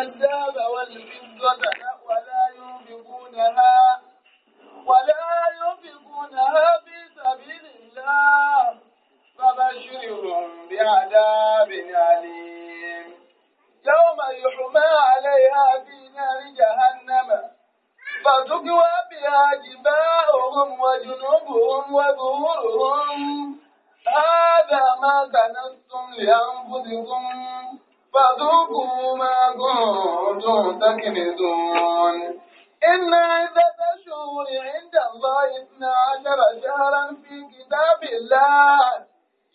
الذهب والفضة ولا ينفقونها ولا ينفقونها في سبيل الله فبشرهم بعذاب أليم يوم يحمى عليها في نار جهنم فتكوى بها جباههم وجنوبهم وظهورهم هذا ما كنتم لأنفسكم فذوقوا ما كنتم تكنزون إن عدة الشهور عند الله اثنا عشر شهرا في كتاب الله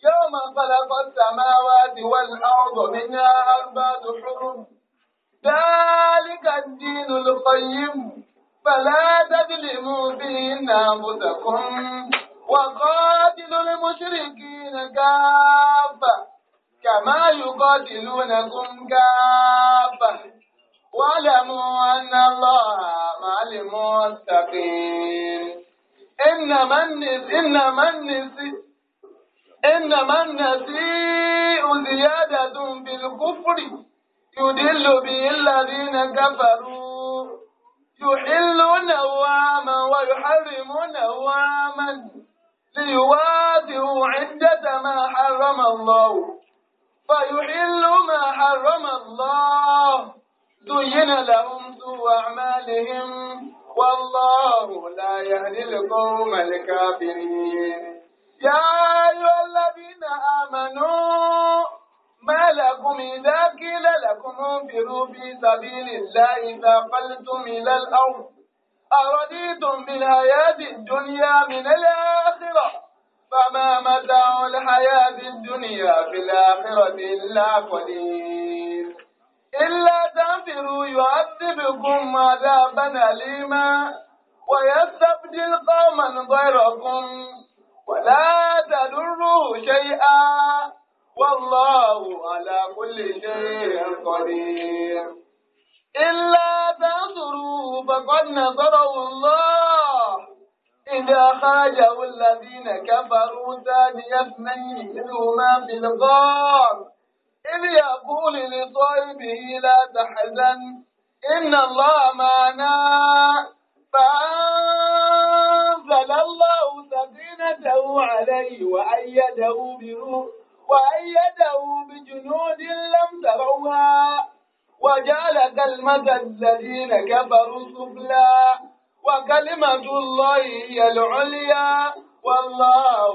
يوم خلق السماوات والأرض منها أربعة حرم ذلك الدين القيم فلا تظلموا فيهن أنفسكم وقاتلوا المشركين كافة kàmá yùkọ́ tìlú nàkún gáàbà wàlámù ànàlọ́ àmàlìmọ́ tàbíin. إنما إنما إنما النسيء زيادة بالكفر يدل به الذين كفروا يحلون واما ويحرمون واما ليوادوا عدة ما حرم الله فيحل ما حرم الله دين لهم سوء أعمالهم والله لا يهدي القوم الكافرين يا أيها الذين آمنوا ما لكم إذا قيل لكم انفروا في سبيل الله ثقلتم إلى الأرض أرديتم بالحياة الدنيا من الآخرة فما متاع الحياة الدنيا في الآخرة إلا قليل إلا تنفروا يعذبكم عذابا أليما ويستبدل قوما غيركم ولا تضروه شيئا والله على كل شيء قدير إلا تنصروا فقد نصره الله إذا خاجه الذين كفروا ثاني اثنين منهما في الغار إذ يقول لصاحبه لا تحزن إن الله معنا فأنزل الله سكينته عليه وأيده بروح وأيده بجنود لم تروها وجعل كلمة الذين كفروا سفلا وكلمة الله هي العليا والله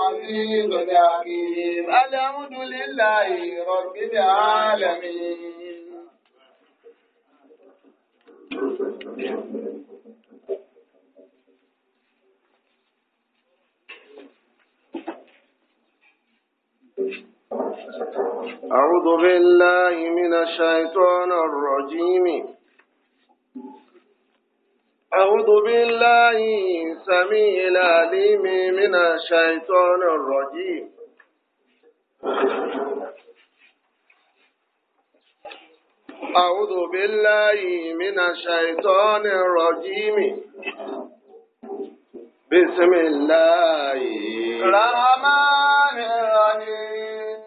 عزيز حكيم الحمد لله رب العالمين أعوذ بالله من الشيطان الرجيم أعوذ بالله سميع العليم من الشيطان الرجيم أعوذ بالله من الشيطان الرجيم بسم الله الرحمن الرحيم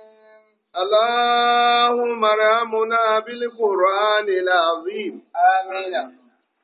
اللهم ارحمنا بالقرآن العظيم آمين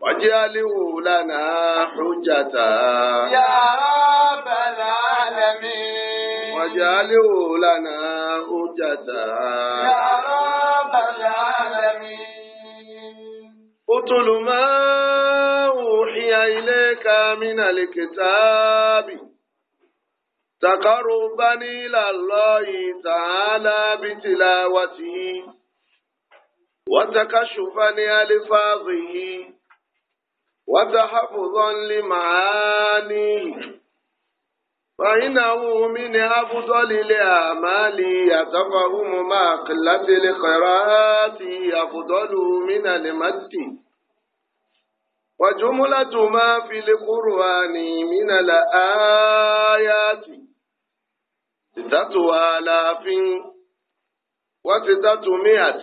واجعله لنا حجة يا رب العالمين واجعله لنا حجة يا رب العالمين اتل ما أوحي إليك من الكتاب تقربا إلى الله تعالى بتلاوته وتكشفا ألفاظه وتحفظا لمعاني فإنه من أفضل الأعمال يتفهم مع قلة القراءات أفضل من المد وجملة ما في القرآن من الآيات ستة آلاف وستة مئة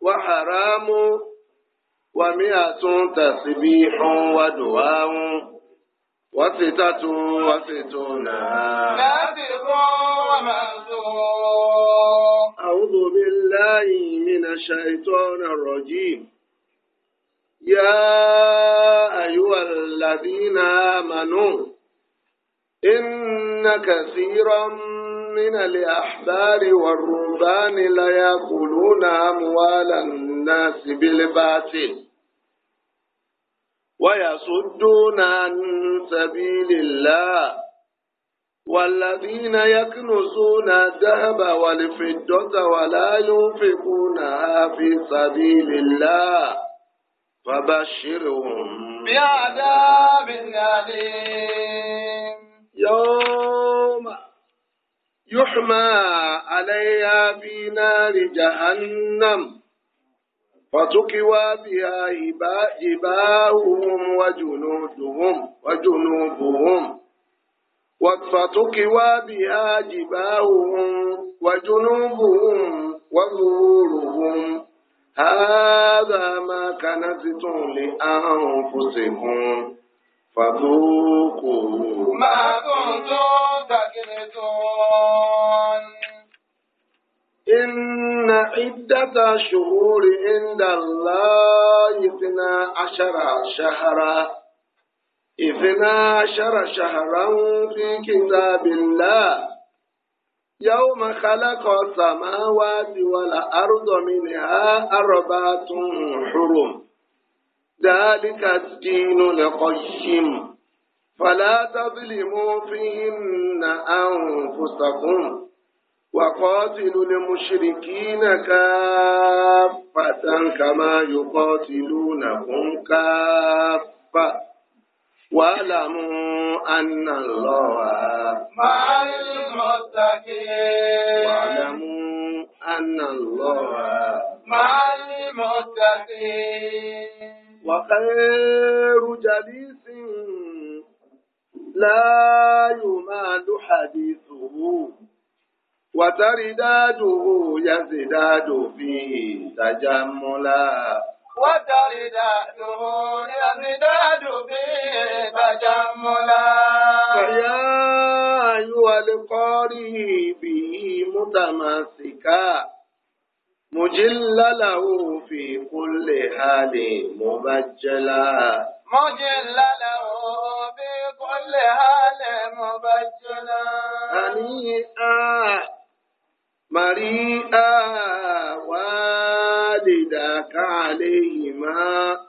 وحرام ومئة تسبيح ودعاء وستة وستون نافق ومأذون أعوذ بالله من الشيطان الرجيم يا أيها الذين آمنوا إن كثيرا من الأحبار والرهبان ليأكلون أموال الناس بالباطل ويصدون عن سبيل الله والذين يكنزون الذهب والفضة ولا ينفقونها في سبيل الله فبشرهم بعذاب أليم يوم يحمى عليها في نار جهنم فتكوى بها جباههم وجنودهم وجنوبهم فتكوى بها جباههم وجنوبهم وظهورهم هذا ما كنزتم لأنفسكم فذوقوا ما كنتم تكنزون عدة الشهور عند الله اثنا عشر شهرا اثنا عشر شهرا في كتاب الله يوم خلق السماوات والأرض منها أربعة حرم ذلك الدين القيم فلا تظلموا فيهن أنفسكم وقاتلوا المشركين كافة كما يقاتلونكم كافة واعلموا أن الله مع المتقين واعلموا أن الله مع المتقين وخير جليس لا يمال حديثه wàtárí dáàdù yàtì dáàdù fi ìtajà múlá. wàtárí dáàdù yàtì dáàdù fi ìtajà múlá. kàyà ayúwalẹ̀ kọ́rí bí mútàmásíkà. مجلله في كل حال مبجلا مجلله في كل حال مبجلا هنيئا مريئا والداك عليهما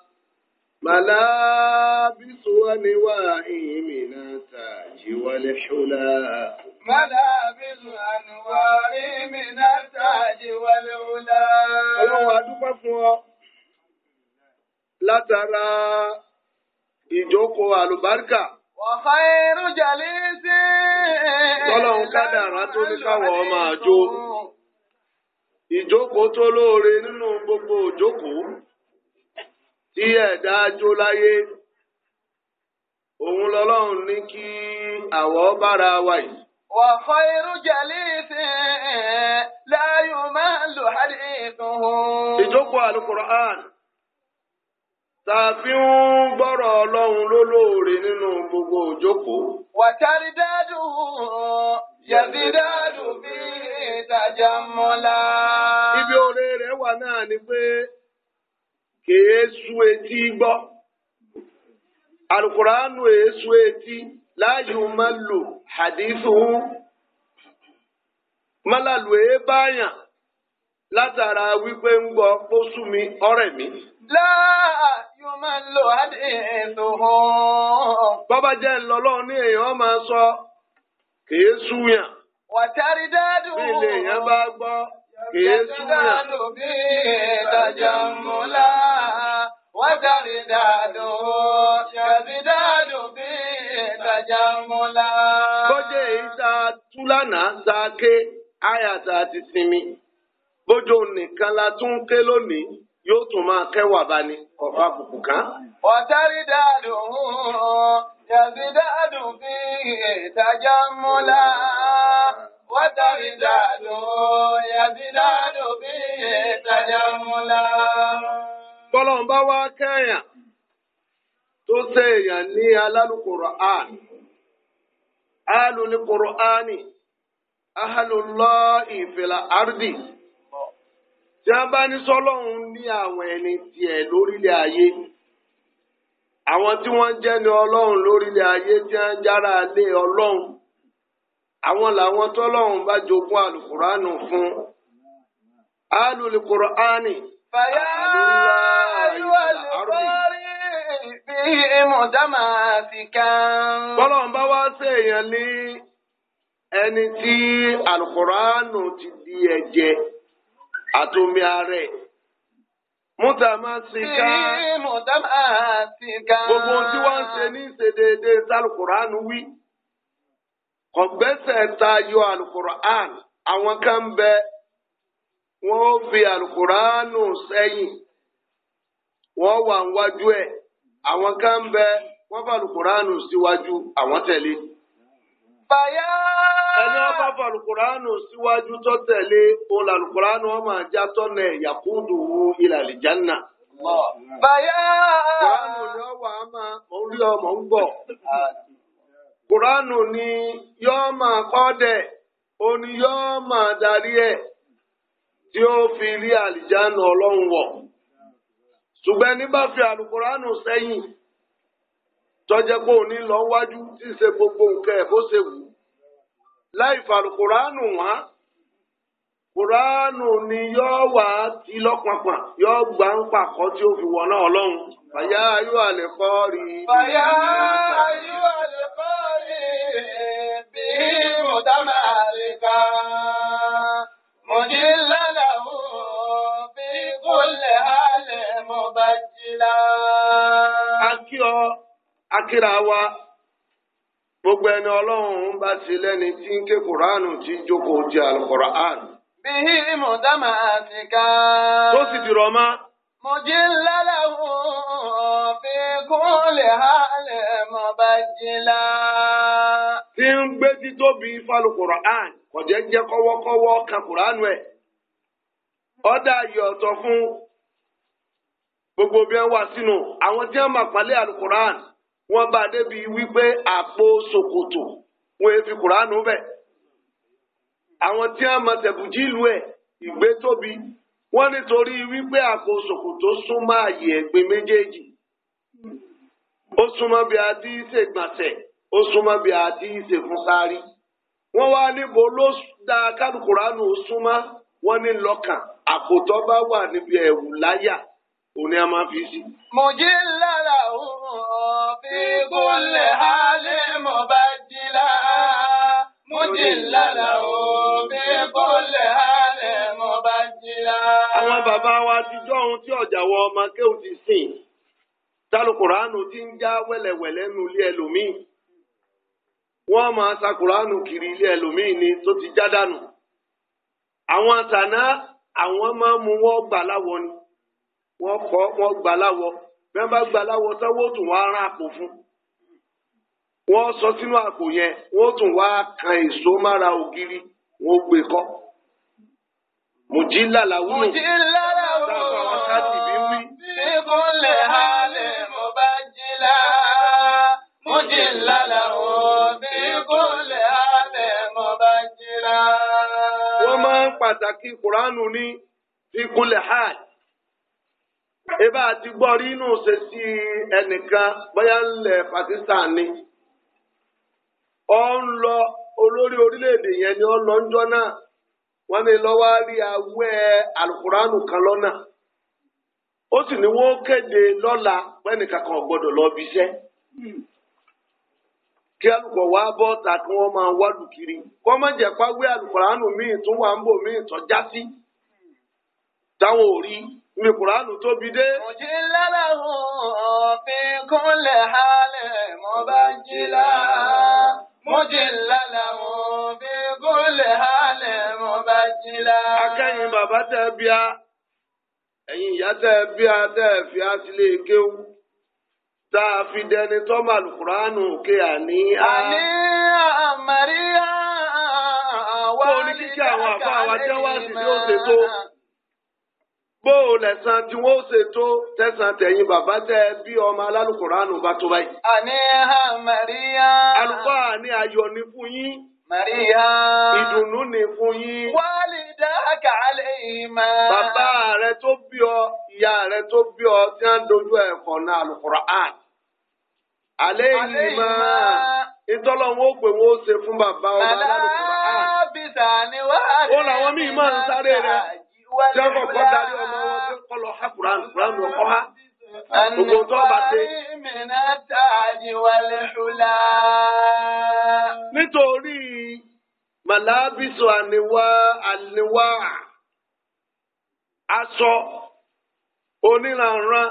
ملابس ونوائي من التاج والحلا ملابس أنوار من التاج والعلا الله أدوك فوق látara ìjókòó àlùbáríkà Wàfáírù jàlí sí. Tọ́lọ́hun kádàrá tó ní káwọ̀ ọmọ Ìjókòó tó lóore nínú gbogbo òjókòó tí ẹ̀dá jó láyé. Òun lọ́lọ́run ní kí àwọ̀ bára wa yìí. Wàfáírù jàlí sí. Láyò máa lò Ìjókòó sàfihàn ń gbọ́rọ̀ ọlọ́run lólóore nínú gbogbo òjókòó. wàtárí dáàdù yẹ̀bí dáàdù bí ìtajà mọ́lá. ibi oore rẹ̀ wà náà ni pé kèé sú etí gbọ́ alukuraanu èésú etí láàyò mẹ́lò hadithu mẹ́làlù èébáyàn látara wípé ń gbọ́ pósú mi ọ̀rẹ́ mi. láà. máa ń lò àdéhùn. bọ́bá jẹ́ lọ́lọ́ ní èèyàn máa sọ kìí súyàn. wàtárí dáàdù. bí ilé èèyàn bá gbọ́ kìí súyàn. dáàdù bí ìtajà múlá. wàtárí dáàdù ṣàbí dáàdù bí ìtajà múlá. kọ́jẹ́ èyí tá a tú àyà tá ti sinmi bójú nìkan la tún ké lónìí yóò tún máa kẹwàá bá ní kọfà kùkù kan. ọ̀tárí dáadùn yàtí dáadùn fi ìtajà múlá. ọ̀tárí dáadùn yàtí dáadùn fi ìtajà múlá. bọ́lọ̀ ń bá wá kẹ́yàn tó ṣe èèyàn ní alálùkòrò àn. alùlùkòrò ànì ahàlùlọ́ ìfìlà àrùdì tí wọ́n bá ní sọ́lọ́run ní àwọn ẹni tiẹ̀ lórílẹ̀ ayé àwọn tí wọ́n jẹ́ ni ọlọ́run lórílẹ̀ ayé tí wọ́n jára lé ọlọ́run àwọn làwọn tọ́lọ́run bá jogún àlùkùránù fún alùlùkùránì. fàyà àlùkùránì bí mọ̀dámà ti kàn. bọ́lọ́run bá wá sí èèyàn ní ẹni tí àlùkùránù ti di ẹ̀jẹ̀. E àtòmíà rẹ̀. Mùtàmásíkà. Sí Gbogbo tí wọ́n ń ṣe ní ìṣedéédé sálùkùrán wí. Kọ̀gbẹ́sẹ̀ tayọ kan bẹ wọn o fi àlùkùrán sẹ́yìn. wọn wà níwájú ẹ̀. Àwọn kan bẹ wọ́n àwọn ẹni ọba falùkùránù síwájú tó tẹ̀lé òun làlùkùránù ọmọ ajá tọ́nà yakudu wu ilà àlìjánà. bàyá. kùránù ni ọwọ́ a máa mọ̀ ń rí ọmọ ń bọ̀. kùránù ni yọ́ọ́ máa kọ́ dẹ̀ òun ni máa darí ẹ̀ tí ó fi rí àlìjánà ọlọ́run wọ̀. ṣùgbọ́n ẹni bá fi àlùkùránù sẹ́yìn tọ́jẹ́ pé òun lọ wájú tí ń ṣe gbogbo nǹkan ẹ̀ bó ṣe wù ú. láì fàlùkùránù wọn kùránù ni yóò wà tí lọ́pọ̀pọ̀ yóò gbà ń pàkọ́ tí ó fi wọ̀nà ọlọ́run. Bàyá ayú àlè kọ́ rí. Bàyá ayú àlè kọ́ rí bí mùtámà àlèkà. Mùdí lálàó bí kúlẹ̀ àlè mọ̀bàjìlá. Akí ọ, akíra wa. gbogbo ẹni ọlọ́run bá ti lẹ́ni tí ń ké kùránù tí ń jókòó jẹ àlùkùránù. bíi mùdámà àti ká. tó sì dìrọ̀ ma. mo jí lálẹ́ fi kúnlẹ̀ hálẹ̀ mọ́ bá jí la. tí ń gbé títóbi falùkùránù kọ̀jẹ́ jẹ́ kọ́wọ́kọ́wọ́ ka kùránù ẹ̀. ọ̀dà ayọ̀ ọ̀tọ̀ fún gbogbo bí wọ́n wá sínú àwọn tí wọ́n máa pàlẹ́ àlùkùránù. wọ́n bá débi wípé àpò ṣòkòtò wọn èfi kùránù bẹ̀. àwọn tí wọ́n mọ tẹ̀kùjí ìlú ẹ̀ ìgbé tóbi wọ́n nítorí wípé àpò ṣòkòtò súnmọ́ àyè ẹ̀gbin méjèèjì. ó súnmọ́ bí a ti ó súnmọ́ bí a ti ń wá níbo ló da kádùkùránù súnmọ́ wọ́n ní lọ́kàn àpòtọ́ bá wà níbi ẹ̀wù láyà òní a máa fi sí. mo jí lára òun ọ̀. وفي كل حال مبدلا مجلا له في كل حال مبدلا àwọn bàbá wa àtijọ́ ohun tí ọ̀jà wọ ọmọ kéwù ti sìn tálùkùránù ti ń já wẹ́lẹ̀wẹ̀lẹ́ nu ilé ẹlòmíì wọ́n máa ta kùránù kiri ilé ẹlòmíì ni tó ti já dànù àwọn àtàná àwọn máa mú wọn gbà láwọ ni wọ́n kọ́ wọn gbà láwọ bẹ́ẹ̀ bá gba aláwọ̀ tán wọ́n tún wá rán àpò fún wọ́n sọ sínú àpò yẹn wọ́n tún wá kan èso mára ògiri wọ́n gbé kọ́ mùjílà làwùn mùjílà làwùn dáhùn àwọn sáàtì bí wí. bíkúnlẹ̀ halẹ̀ mo bá jìlá mùjílà làwùn bíkúnlẹ̀ halẹ̀ mo bá jìlá. wọ́n máa ń pàtàkì kuranu ní bíkúnlẹ̀ halẹ̀. ebe a ti gbọ́ rí inú ṣe sí ẹnìkan bóyá ńlẹ̀ Pakistan ni ọ ń lọ olórí orílẹ̀-èdè yẹn ni ọ lọ ń jọ náà wọ́n ní lọ́wọ́ rí awẹ́ kan lọ́nà ó sì ní wọ́n kéde lọ́la pẹ́ẹ́nìkan kan gbọ́dọ̀ lọ bí iṣẹ́ kí alùpùpù wá bọ́ ta kí wọ́n máa wá lù kiri kọ́ má jẹ́ pàwé míì tún wà ń ní kùránù tóbi dé. òjì lára òfin kúnlẹ̀ halẹ̀ mo bá jí la. Mojì lára òfin kúnlẹ̀ halẹ̀ mo bá jí la. Akẹ́yìn bàbá tẹ bíá, ẹ̀yin ìyá tẹ bíá tẹ fi á sílé kéwú. Tá a fi dẹni tọ́mà lùkùránù òkè àní á. Àní àmàrí àwọn oníkíkí àwọn àbá wa jẹ́ wá sí ní bó o lẹ̀sán tí wọ́n ṣe tó tẹ̀sán tẹ̀yìn bàbá tẹ bí ọmọ alálùkùránù bá tó báyìí. àní ha Màríyá. àlùfáà ní ayọ̀ ní fún yín. Màríyá. ìdùnnú ni fún yín. wálé dáhàkà alẹ́ ìmá. bàbá rẹ tó bí ọ ìyá rẹ tó bí ọ tí wọ́n dojú ẹ̀kọ́ náà alùkùránù. alẹ́ ìmá. ìtọ́lọ́wọ́ pé wọ́n ṣe fún bàbá ọmọ alálùkùránù. alábìsà ni wàá rí tí wọn kọ darí ọmọ wọn kọ lọ ha kuran kuran lọ kọ ha gbogbo tó bá dé. nítorí màlábísọ àníwá àníwá aṣọ oníranran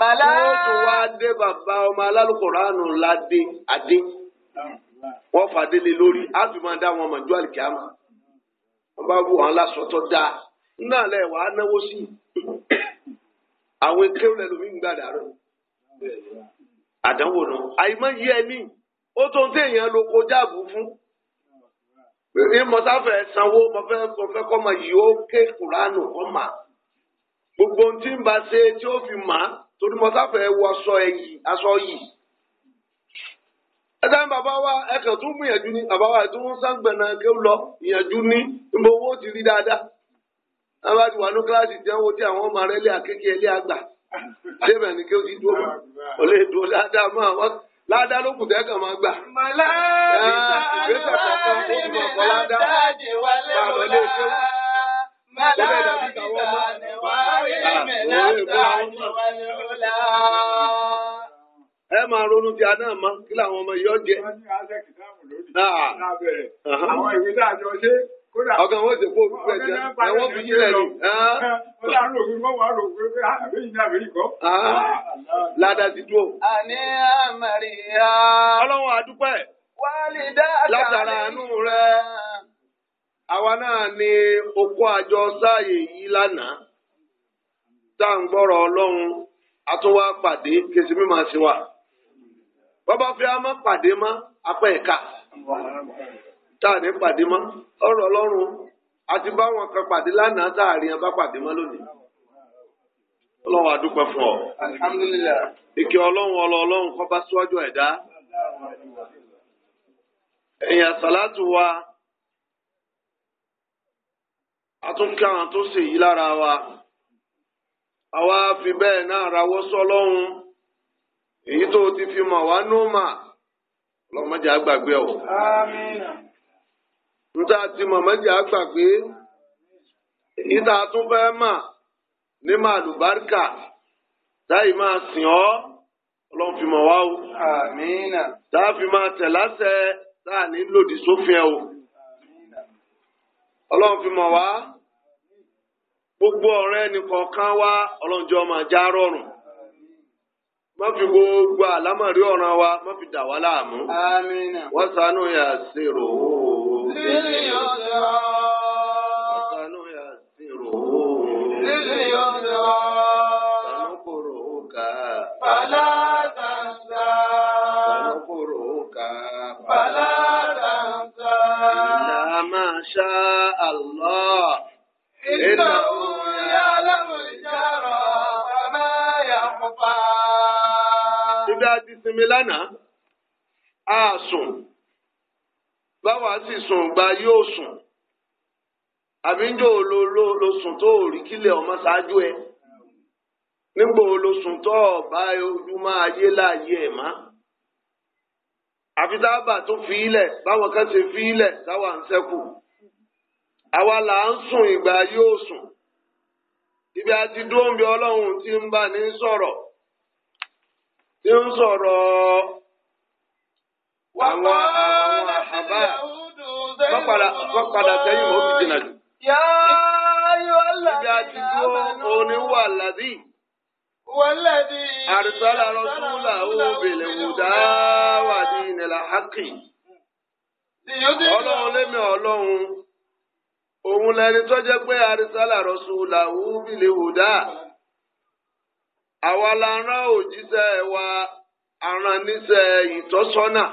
màlá wọn tún wá dé bàbá ọmọ alálùkòránù ládé adé wọn fàdé lé lórí á fi máa dá wọn mọjú àlìkí àmà bá wù wọn lásọ dáa ńlá lẹ wà á náwó sí àwọn ekéwù lẹ lómi ń gbà dàrú àdánwò náà àyìnbó yí ẹmí ó tó ń téèyàn lo kọjá àbú fún ní mọ̀sáfẹ́ sanwó mọ̀fẹ́ mọ̀fẹ́ kọ́ ma yìí ó ké kuránù kọ́ ma gbogbo ohun tí ń bá ṣe tí ó fi mà á torí mọ̀sáfẹ́ wọ aṣọ ẹ̀yì aṣọ yìí. ẹ̀dá bàbá wa ẹ̀kẹ́ tún gbìyànjú ní bàbá wa ẹ̀tún sáǹgbẹ̀nà kí ó lọ ìyànjú ní gbogbo owó ti rí dáadáa tábà ti wà ní kíláàsì tí wọ́n ti àwọn ọmọ rẹ̀ lé akéèké ẹlẹ́ àgbà débẹ̀ ni kí o ti dúró o lè dúró dáadáa mọ́ àwọn ládàá ló kù tẹ́ kàn máa gbà. màlá ìgbésẹ̀ kọ̀ọ̀kan ó ti mọ̀ kọ́ ládàá bàbá lè ṣe wọ́n. màlá ìgbésẹ̀ ni wàá rí mẹ́lá ẹ máa ronú ti aná mọ kí làwọn ọmọ yìí ọ jẹ. àwọn ìwé náà jọ ṣe ọkàn wọn ti kó orúkọ ẹ jẹ ẹwọn fi yílẹ ah, ni. kọ́. Ah, ládàá ti dúró. àní ọlọ́run àdúpẹ́. wálé dáadáa látara àánú rẹ. àwa náà ni okó àjọ sáàyè yìí lánàá. tá a pàdé kèsì mímọ́ sí wa. fi pàdé mọ́ apẹ́ tá pàdé mọ, ọ̀rọ̀ ọlọ́run àti báwọn bá kan pàdé lánàá tá àárín bá pàdé mọ́ lónìí. ọlọ́run a fún ọ. alhamdulillah. ìkẹ́ ọlọ́run ọlọ́ ọlọ́run kọ́ bá síwájú ẹ̀dá. èèyàn sàlátù wa a tún kí àwọn tó ṣèyí lára wa àwa fi bẹ́ẹ̀ náà rawọ́ sọ́lọ́hún èyí tó ti fi mọ̀ wá nù mà lọ́mọdé àgbàgbé ọ̀. níta ti mọ̀mọ́jà gbà pé ìta tún fẹ́ mà ní màlúbáríkà táyì máa sìn ọ́ ọlọ́run fi o. tá a fi máa o. gbogbo ọ̀rẹ́ nìkọ̀ọ̀kan wá ọlọ́njọ́ máa já rọrùn má fi gbogbo àlámọ̀rí ọ̀ràn wa má fi dà wá láàmú. wọ́n لليسرى وسنيسره لليسرى سنقرئك فلا تنسى سنقرئك فلا تنسى إلا ما شاء الله إنه يعلم الجرى وما يخفى. Ibi a ti sinmi lánàá, a sùn. báwa sì sùn gba yóò sùn àbí njó lo lo lo sùn tó rí kílẹ̀ ọmọ ṣáájú ẹ lo sùn tó ọba oju ayé láàyè ẹ̀ má àfi tábà tó fi ilẹ̀ báwọn kan ṣe fi ilẹ̀ táwa ń ṣẹ́kù àwa là ń sùn ìgbà yóò sùn ibi àti dóńbi ọlọ́run ti ń bá ní sọ̀rọ̀ tí ń sọ̀rọ̀ wọ́n padà sẹ́yìn mọ́ fi jìnnà jù. Ibi àti dúró òní wà ládì. Àrísálà rọ́súlà ó bèlè wùdá wà ní ìnìlà hákì. Ọlọ́run lémi ọlọ́run. Òun lẹni tó jẹ́ pé àrísálà rọ́súlà ó bèlè wùdá. Àwa la rán òjíṣẹ́ wa, àrán níṣẹ́ ìtọ́sọ́nà.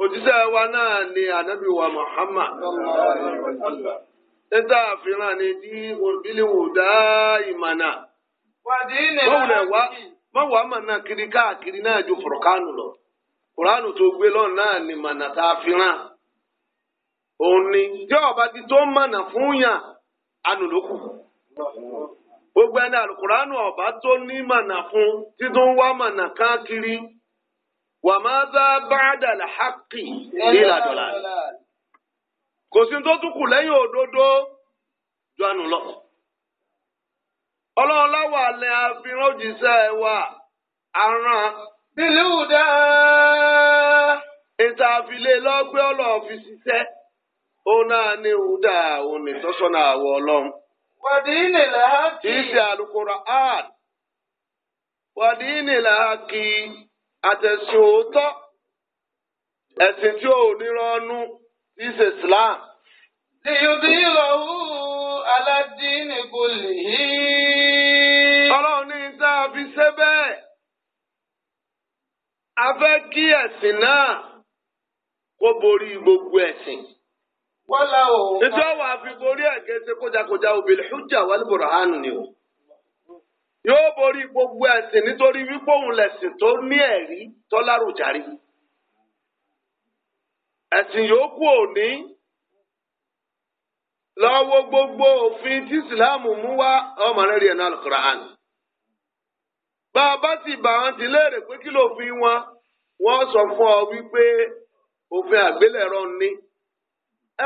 Òjíṣẹ́ wa náà ni ànábì wa Muhammad. Níta àfihàn ni dá ìmànà. wá mọ̀wá kiri káàkiri náà ju lọ. Kùránù tó gbé lọ náà ni mànà tá a ni ọba ti tó mànà fún yàn gbogbo ẹni ọba tó ní mànà fún títún wá mànà káàkiri wa máa bá bàdà làákì nílà dọ̀là. kò sí tó lẹ́yìn òdodo ju àánú lẹ́ àfihàn òjíṣẹ́ wa aràn. bílíù dáa. ètò àfilé lọ́gbẹ́ ọlọ́run fi náà ní ìhùdà òun nìtọ́sọ́nà àwọ̀ ọlọ́run. àtẹ̀sìn òótọ́ ẹ̀sìn tí ò nírọ́nú ti ṣe Islam. Ìyọ̀dí ìrọ̀wù aládìní ụlọ Ọlọ́run ní tá a fi A fẹ́ kí ẹ̀sìn náà kó gbogbo ẹ̀sìn. Wọ́n la òun. Ìjọba àfi borí ṣe o. yóò borí gbogbo ẹ̀sìn nítorí wípé òun lẹ̀sìn tó ní ẹ̀rí tó láròjàre ẹ̀sìn yòókù òní lọ́wọ́ gbogbo òfin tí ìsìláàmù mú wá ọmọ rẹ̀ rí ẹ̀nà alukur'an bá a bá sì bá wọn ti léèrè pé kí lófin wọn wọn sọ fún ọ wípé òfin àgbélẹ̀rọ ni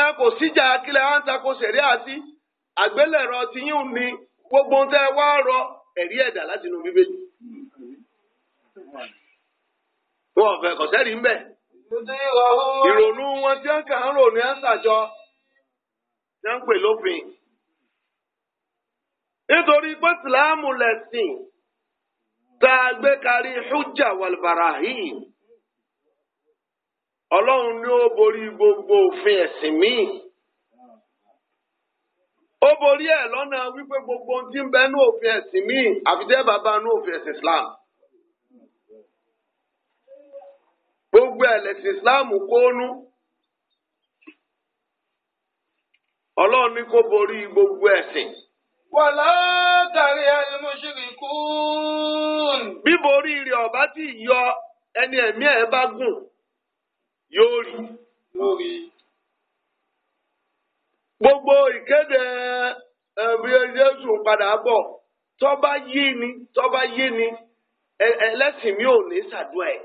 ẹ kò síjà kílẹ̀ à ń takò àti àgbélẹ̀rọ tiyín ni gbogbo ń tẹ́ wá rọ. ẹ̀rí ẹ̀dá láti inú bíbélì. Wọ́n ọ̀fẹ́ kọ̀sẹ́rì ń bẹ̀. Ìrònú wọn tí wọ́n kà ń rò ní àṣàjọ tí wọ́n ń pè lófin. Nítorí pé Sìláàmù lẹ̀sìn tá a gbé Ọlọ́run ni ó borí gbogbo òfin ẹ̀sìn míì. ó borí ẹ̀ lọ́nà wípé gbogbo ohun tí ń bẹ ní òfin ẹ̀sìn bàbá ní òfin Islam. gbogbo ẹ̀lẹ́sìn Islam kónú ọlọ́run ní kó borí gbogbo ẹ̀sìn. wàlá kárí al-mushrikun. bíborí rẹ̀ ọ̀bá tí yọ ẹni bá gùn yóò rí. gbogbo ìkéde ẹbí Jésù padà bọ̀ tọ́ba yí ni tọ́ba yí ni ẹlẹ́sìn mi ò ní ṣàdúrà ẹ̀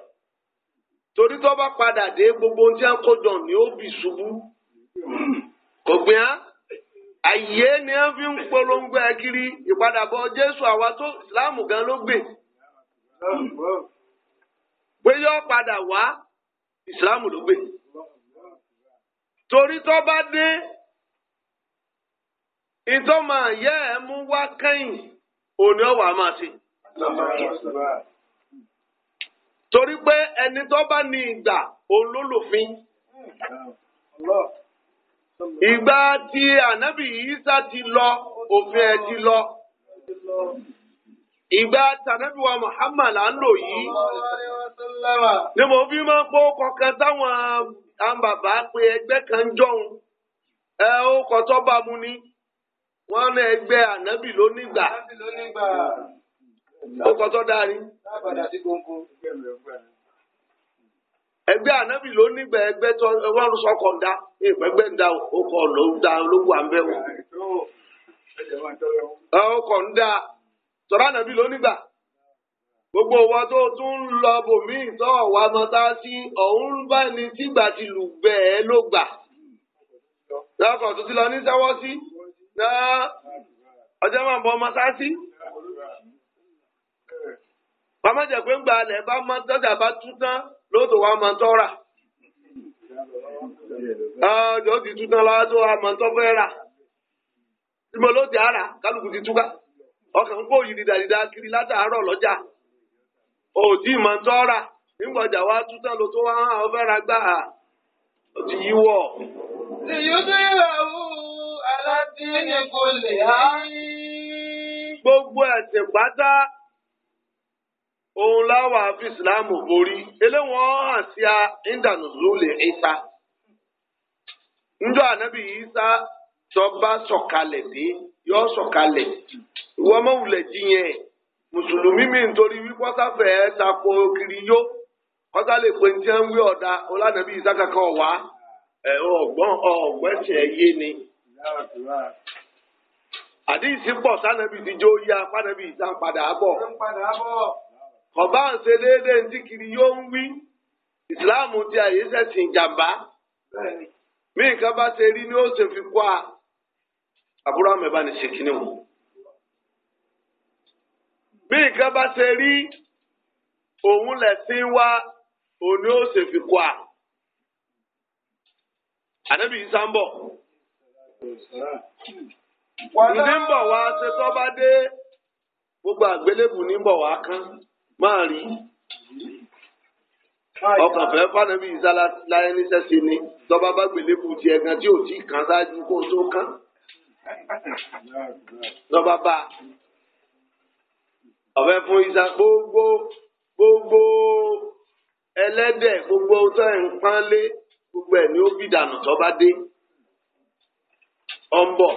torí tọ́ba padà dé gbogbo ohun tí a kó jọ ní ó bì ṣubú kò gbìn á àyè ni a fi ń polongo ẹ kiri ìpadàbọ̀ Jésù àwa tó Ìsìláàmù gan ló gbè pé yọ padà wá Ìsìláàmù ló gbè torí tọ́ba dé. ìtọ́mọ ìyá ẹ̀ mú wá kẹ́yìn òní ọ̀wà máa ṣe. torí pé ẹni tó bá ní ìgbà òun lòfin. ìgbà tí ànábì Ìsá ti lọ òfin ẹ̀ ti lọ. ìgbà tànábì wa Muhammad là ń lò yìí. ni mo fi máa ń pọ́ kọ̀ọ̀kan táwọn bàbá pé ẹgbẹ́ kan jọ̀hún. ẹ ó kọ́ tọ́ bá mu ni. wọ́n ní ẹgbẹ́ ànábì ló nígbà ọkọ̀ tó darí. ẹgbẹ́ ànábì ló nígbà ẹgbẹ́ tó wọ́n sọ ọkọ̀ ń da ẹgbẹ́ ń da ọkọ̀ ló ń da olówó àmbẹ́ wọn. ọkọ̀ ń da tọ́lá ànábì ló nígbà gbogbo wa tó tún ń lọ bòmíì tó ọ̀wá mọ́tá sí ọ̀hún bá ní tìgbà ti lù bẹ́ẹ̀ ló gbà. lọ́kọ̀ tó ti lọ ní sẹ́wọ́ sí. na ọjọ́ máa ń bọ ọmọ sáásí. pàmọ́jẹ̀ pé ń gba alẹ̀ bá mọ́ dọ́jà bá tú tán lóòótọ́ wa máa ń tọ́ra. ọjọ́ ti tú tán lọ́wọ́ tó wa máa tọ́ fẹ́ rà. ara kálukú ti túká. ọkàn ń kó yìí kiri látàárọ̀ lọ́jà. òdì máa nígbàjà wa ra gbà. Gbogbo ẹ̀sìn pátá òun láwà fi ìsìláàmù borí. Eléwọ̀n hàn sí a ìdànù lólè ìta. Njọ́ ànábì tọ́ba sọ̀kalẹ̀ dé yọ sọ̀kalẹ̀. Ìwọ́n mọ̀ mùsùlùmí mi nítorí wípé kiri yó lè pe njẹ́ ń wí ọ̀dà wá ọ̀gbọ́n ọ̀gbẹ́sẹ̀ yé ni. àdìsí pọ̀ sánẹ́bì ti jó yá pánẹ́bì ìta padà bọ̀ kọ̀bá ń ṣe déédéé ní kiri yóò ń wí ìsìláàmù ti àyè sẹ̀sìn ìjàmbá bí nǹkan bá ṣe rí ni ó ṣe fi kọ́ a àbúrò àmì bá ní ṣe kíní wò bí nǹkan bá ṣe rí òun lẹ̀sìn wá òun ni ó ṣe fi kọ́ a ànábì yìí sáńbọ̀ ní ń bọ̀ wá ṣe tó bá dé gbogbo àgbélébù ní ń bọ̀ wá kán máa rí ọkàn fẹ́ fánàbí ìsá láyé níṣẹ́ sí ni lọ́ba bá gbélébù ti ẹ̀gàn tí ò tí kan ṣáájú kó tó kán lọ́ba bá ọ̀fẹ́ fún ìsá gbogbo gbogbo ẹlẹ́dẹ̀ gbogbo tó ẹ̀ ń pánlé gbogbo ẹ̀ ni ó bí dànù tó bá dé. ọ bọ̀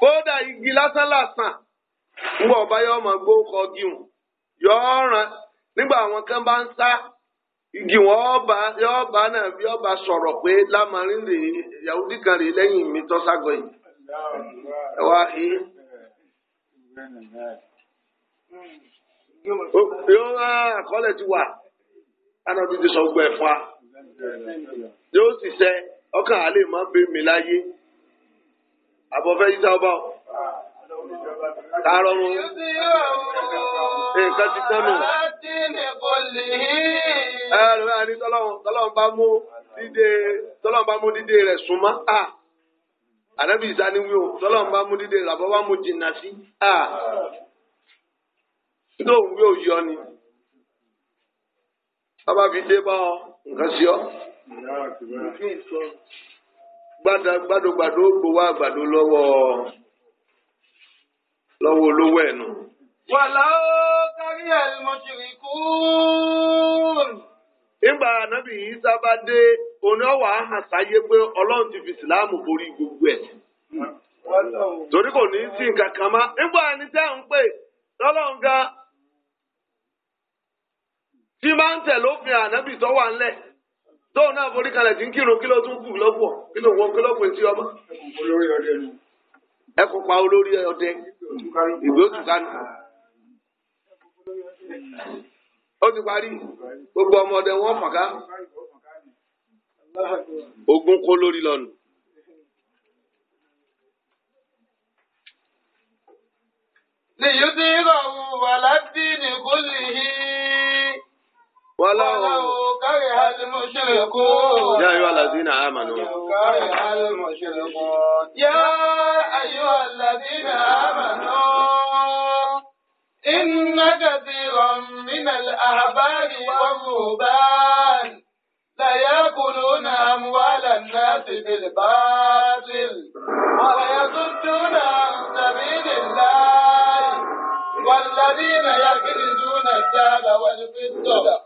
kódà igi lásán lásán ńgbà ọba yóò máa gbó kọ gíwùn yóò ràn nígbà àwọn kan bá ń sá igi wọn ọba yóò bá náà bí ọba sọ̀rọ̀ pé lámarin rè yahudi kan rè lẹ́yìn mi sọ gbọ́ ẹ̀ fún wa yóò sì sẹ́ ọkàn àlè àbọ̀fẹ́ yìí sábà tààrọ̀ mu nǹkan ti tọ́nu. ẹ ẹ lọ́wọ́ àní tọ́lọ́run bá mú dídé tọ́lọ́run bá mú dídé rẹ̀ súnmọ́ a ànábì ìsáni wí bá mú dídé rẹ̀ àbọ̀ bá mú jìnnà sí a nítorí òun yóò yọ ni bàbá fi dé bá ọ nǹkan sí ọ. gbàdógbàdó gbowó àgbàdo lọ́wọ́ lọ́wọ́ olówó ẹ̀nu. wàlá ó kárí ẹ̀lmọ́tìrì kún. nígbà ànábì yìí sábà dé oní pé ọlọ́run ti fi ìsìláàmù borí gbogbo ẹ̀. torí kò ní í sí nǹkan kan ń pè lọ́lọ́run gan. tí máa tóun náà forí kalẹ̀ tí ń kírun kí ló tún kù lọ́pọ̀ kí ló wọ kí lọ́pọ̀ etí ọmọ. ẹ kò pa olórí ọdẹ ìwé òtúkánu. ó ti parí gbogbo ọmọ ọdẹ wọn fàká ogun kó lórí lọ́nu. lèyí tí ìrọ̀rùn wà ládìní kò المشركون يا أيها الذين آمنوا كره المشركون يا أيها الذين آمنوا إن كثيرا من الأحبار والرهبان ليأكلون أموال الناس بالباطل ويصدون عن سبيل الله والذين يكنزون الذهب والفضة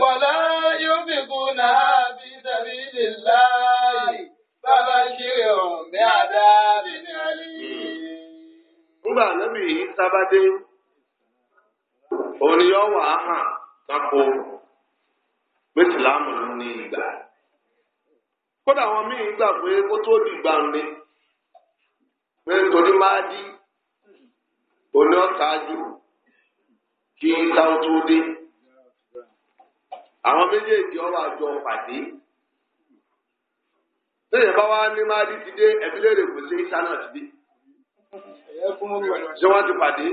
Wàlá yóò fi kún náà bí sàbí lè láàyè. Bàbá ṣeré ọ̀mí àdá bí ní àlè. Nígbà ànábì yìí sábàdé, òun ni yóò wà á hàn tako mẹ́tìláàmù ní ìgbà. Kódà àwọn míì gbà pé kó tó di ìgbà Pé nítorí máa dí, òun ni ó kí táwọn tó dé. àwọn méjèèjì ọwọ́ àjọ pàdé lẹ́yìn bá wá ní máa di ti dé ẹbí lè rèkò sí isa náà ti dé ṣé ti pàdé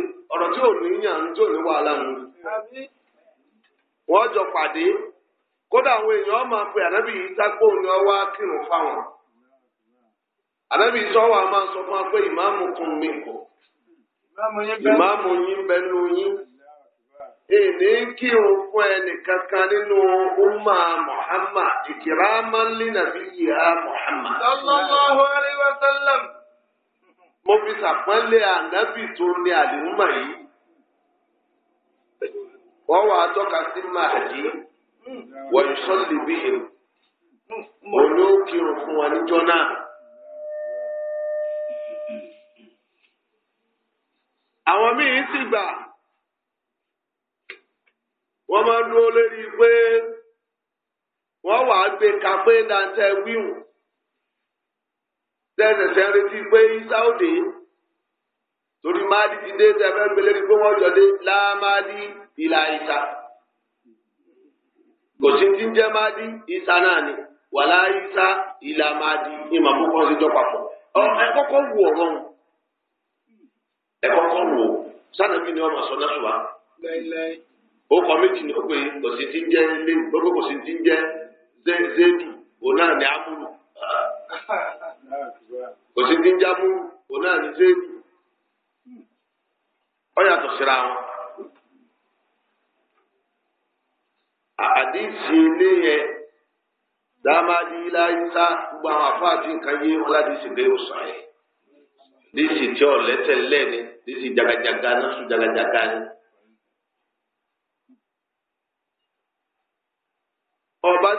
tí ò ní yàn tí ní wàhálà nù wọ́n jọ pàdé kódà àwọn èèyàn máa pe ànábì yìí ní ọwọ́ kírun fáwọn ànábì yìí a máa sọ fún wa pé ìmáàmù kún mi kù ìmáàmù yín èmi kírun fún ẹnìkankan nínú umma muhammad ikraman li nabiyyiha muhammad. sallallahu alayhi wa sallam. mo fi sàpọ́nlé ànábì tó ní àlùmọ̀ yìí. wọ́n wà á tọ́ka sí màdí wọ́n sọ́ọ̀lì bí i olókìrun fún wa níjọ́ náà. àwọn míì sì gbà. wọ́n máa ń dúró lérí pé wọ́n wà á gbé ka pé dantẹ wíwù tẹ́sẹ̀sẹ̀ retí pé sáúdì torí máàdì ti dé tẹ́fẹ́ gbélé ní pé wọ́n jọdé láàmáàdì ìlà ìta kò sí ti ń jẹ́ máàdì ìta náà ni wàlá ìta ìlà máàdì ìmọ̀ púpọ̀ sí jọ papọ̀ ẹ kọ́kọ́ wù ọ̀rọ̀ ẹ kọ́kọ́ wù sanabi ni ọmọ sọ náà sùwà ó kọ méjì ní pé kò sí ti ń jẹ́ ilé gbogbo kò sí ti ń jẹ́ zéèdù òun náà ní amúrù kò sí ti ń jẹ́ amúrù òun náà ní zéèdù ó yàtọ̀ síra wọn. àdìsí ilé yẹn dámàdí láyíká gbogbo àwọn àfáàtì nǹkan yé wọn láti sì lé yẹn. dísì tí ọ̀lẹ́tẹ̀ lẹ́ni dísì jagajaga náà sùn jagajaga ni.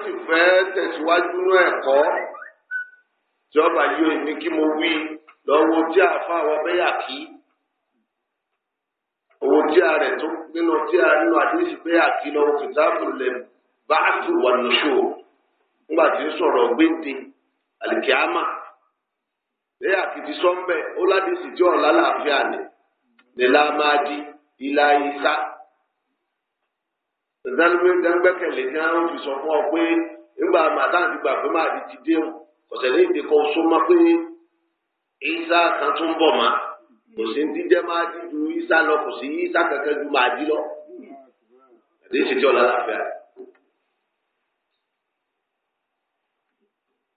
sì fẹ́ tẹ̀síwájú ní ẹ̀kọ́ tí ọba yóò èmi kí mo wí lọ́wọ́ tí a fa àwọn bẹ́yà kí owó tí a rẹ̀ tó nínú tí a nínú àdéhùn bẹ́yà kí lọ́wọ́ kìtàbù lẹ̀ bá a sì wà lóṣù nígbà tí ń sọ̀rọ̀ gbéǹde àlìkíámà bẹ́yà kí ti sọ́ńbẹ̀ ó ládìsí tí ọ̀la láàfin àná nílá máa di ìlà ìsá ìdáni pé gbẹ́kẹ̀lé ní àwọn fi sọ fún ọ pé nígbà màdán ti gbà pé máa di ti dé ọ̀sẹ̀ ní ìdí kan só má pé ìsá kan tún bọ̀ má kò sí ní jẹ́ máa di ju ìsá lọ kò sí ìsá kankan ju máa di lọ. ẹ̀dí ṣe tí ọ̀la láfíà.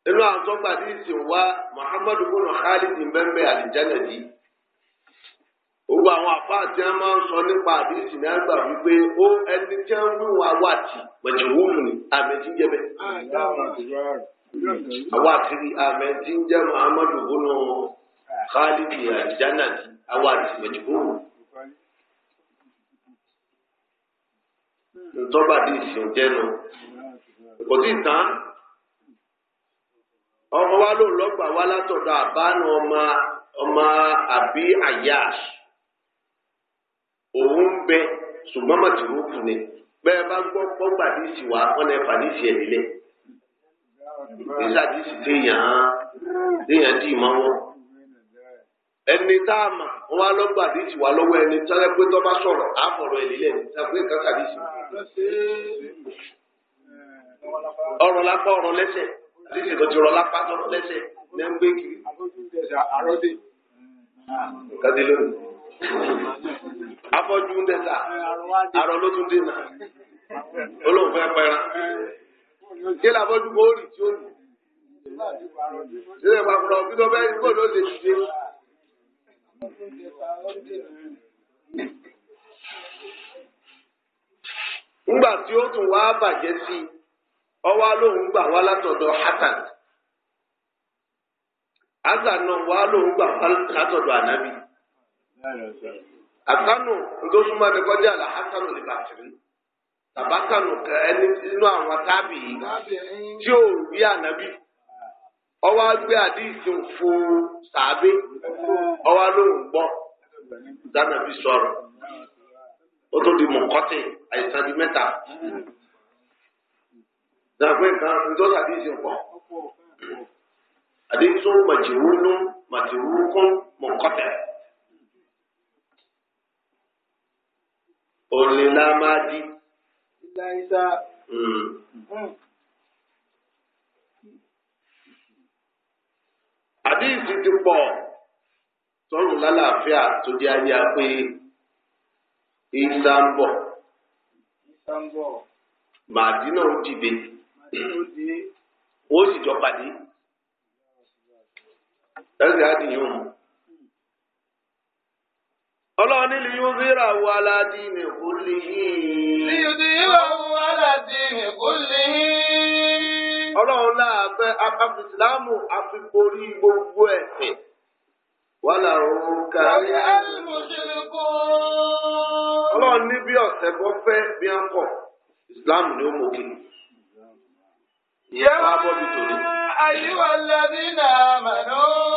nínú àwọn tó gbà ìsìn wa Muhammadu bùnú Khalid mbẹ́mbẹ́ àlìjánà yìí. Gbogbo àwọn àfáà tí wọ́n máa ń sọ nípa àdìsí náà gbà wípé ó ẹni tí wọ́n wíwá wà tì pẹ̀jùwúlù ni àmì tí ń jẹ́ bẹ́ẹ̀. Àwa àtìrí àmì tí ń jẹ́ Muhammadu Bono Khalidi Aljanati àwa àti pẹ̀jùwúlù. Ntọ́ba àdìsí ń jẹ́nu. Kò sí tán. Ọmọ wa ló lọ́gbà wá látọ̀dọ̀ àbánu ọmọ ọmọ àbí àyàṣ òun ń bẹ ṣùgbọ́n màtìrú kù ni bẹ́ẹ̀ bá gbọ́ gbọ́gbà díìsì wá wọn ẹ̀ fàdíìsì ẹ̀ nílẹ̀ nísàdíìsì téèyàn téèyàn dì máa wọ́n ẹni tá a mà wọn wá lọ́gbà díìsì wá lọ́wọ́ ẹni tí wọ́n pé tó bá sọ̀rọ̀ á fọ̀rọ̀ ẹ̀ nílẹ̀ nígbàgbé nǹkan sàdíìsì ọ̀rọ̀ lápá ọ̀rọ̀ lẹ́sẹ̀ díìsì tó ti rọ̀ lápá ọ̀rọ̀ lẹ́sẹ̀ ní à ń gbé kiri. afọ́jú ń dẹ́ta arọ ló tún dènà olóhùn fẹ́ kò rí tí ó lù sílẹ̀ pàpàlọ́ kí ló fẹ́ kó ló lè ṣe. Ngbà tí ó tún wá bàjẹ́ Hasan. Hasan àtànù ntòsúnmọ́ mmadụ kọjá àlà hasanu ní bàtìrì tàbátànù ẹni nínú àwọn tábì tí ò rí ànábì ọwọ́ agbé àdìsí fo sàbẹ ọwọ́ gbọ́ dánàbí sọ̀rọ̀ ó tó di mọ̀kọ́tì àìsàn di mẹ́ta dàgbé kan ntòsí àdìsí pọ̀ àdìsí màjìwúnú onílámádì. ìlàìsà. Hmm. Hmm. àdéhìsì ti pọ̀ tọrùn lálàáfíà tó di ayé a pé ìsà ń bọ̀. ìsà ń bọ̀. màdínà ó dìde. màdínà ó dìde. ó sì jọ pàdé. ẹ̀rọ ìdíyàn mú ọlọ́run ní liyún zira wo aládì mi kò lè yí. liyún zira wo aládì mi kò lè yí. ọlọ́run láàfẹ́ afisilamu afiporí gbogbo ẹ̀sìn. wàhálà òun kárí. ọlọ́run ní bí ọ̀sẹ̀ bọ́ fẹ́ bí wọ́n kọ̀ islam ni ó mọ òkè. ìyá bá ayé wa lẹ́ni náà mà náà.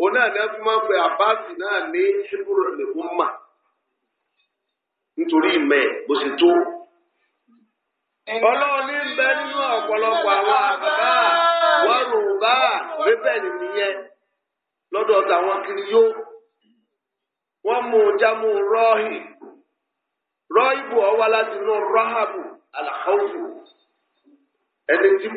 òun na ni máa ń pe àbáàsì náà ní hebrew lẹ́kún mà nítorí ìmẹ̀ bó ṣe ọlọ́run ní bẹ nínú ọ̀pọ̀lọpọ̀ àwọn àbá wọ́rùbá bíbẹ̀ nìyẹn lọ́dọ̀ tàwọn kiri yó wọ́n mú jámú rọ́ọ̀hì rọ́ìbù láti inú rọ́hàbù ẹni tí ń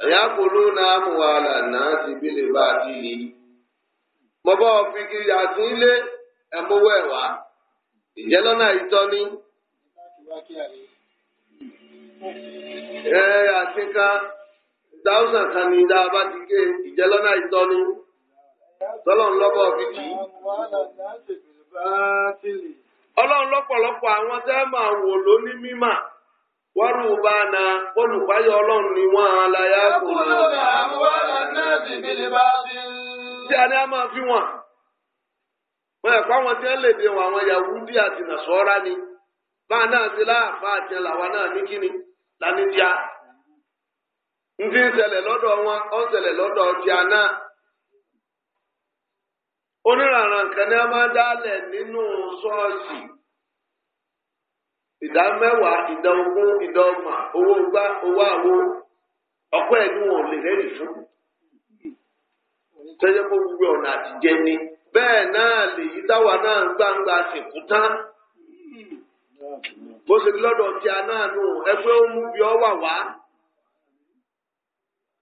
yakuluna amwala nasi bil batili mo bá ọ̀fikiri àtún ilé ẹ̀mówó ẹ̀wà ìjẹ́ ìtọ́ ní. ẹ àtìká dáúsàn kan ní dáa bá ti gé ìjẹ́ ìtọ́ ní. tọ́lọ́run lọ́bọ̀ máa wò mímà. wọ́rùbánà olùpáyọ̀ ọlọ́run ni wọ́n á láyà kúrò. tí a ní a máa fi wọn wọn ẹ̀kọ́ àwọn tí wọ́n lè dé wọn àwọn Yahudi àti Nasara ni bá a náà ti láàfà àti làwa náà ní kíni lọ́dọ̀ wọn lọ́dọ̀ náà a máa dálẹ̀ ìdá mẹ́wàá ìdá ogún ìdá ọgbà owó gbá owó àwo ẹ̀dùn wọn lè rẹ́rì fún. tẹ́jẹ́ kó gbogbo ọ̀nà àtijẹ́ ni bẹ́ẹ̀ náà táwa náà ń gbangba sìnkú tán. bó ṣe lọ́dọ̀ tí a náà nù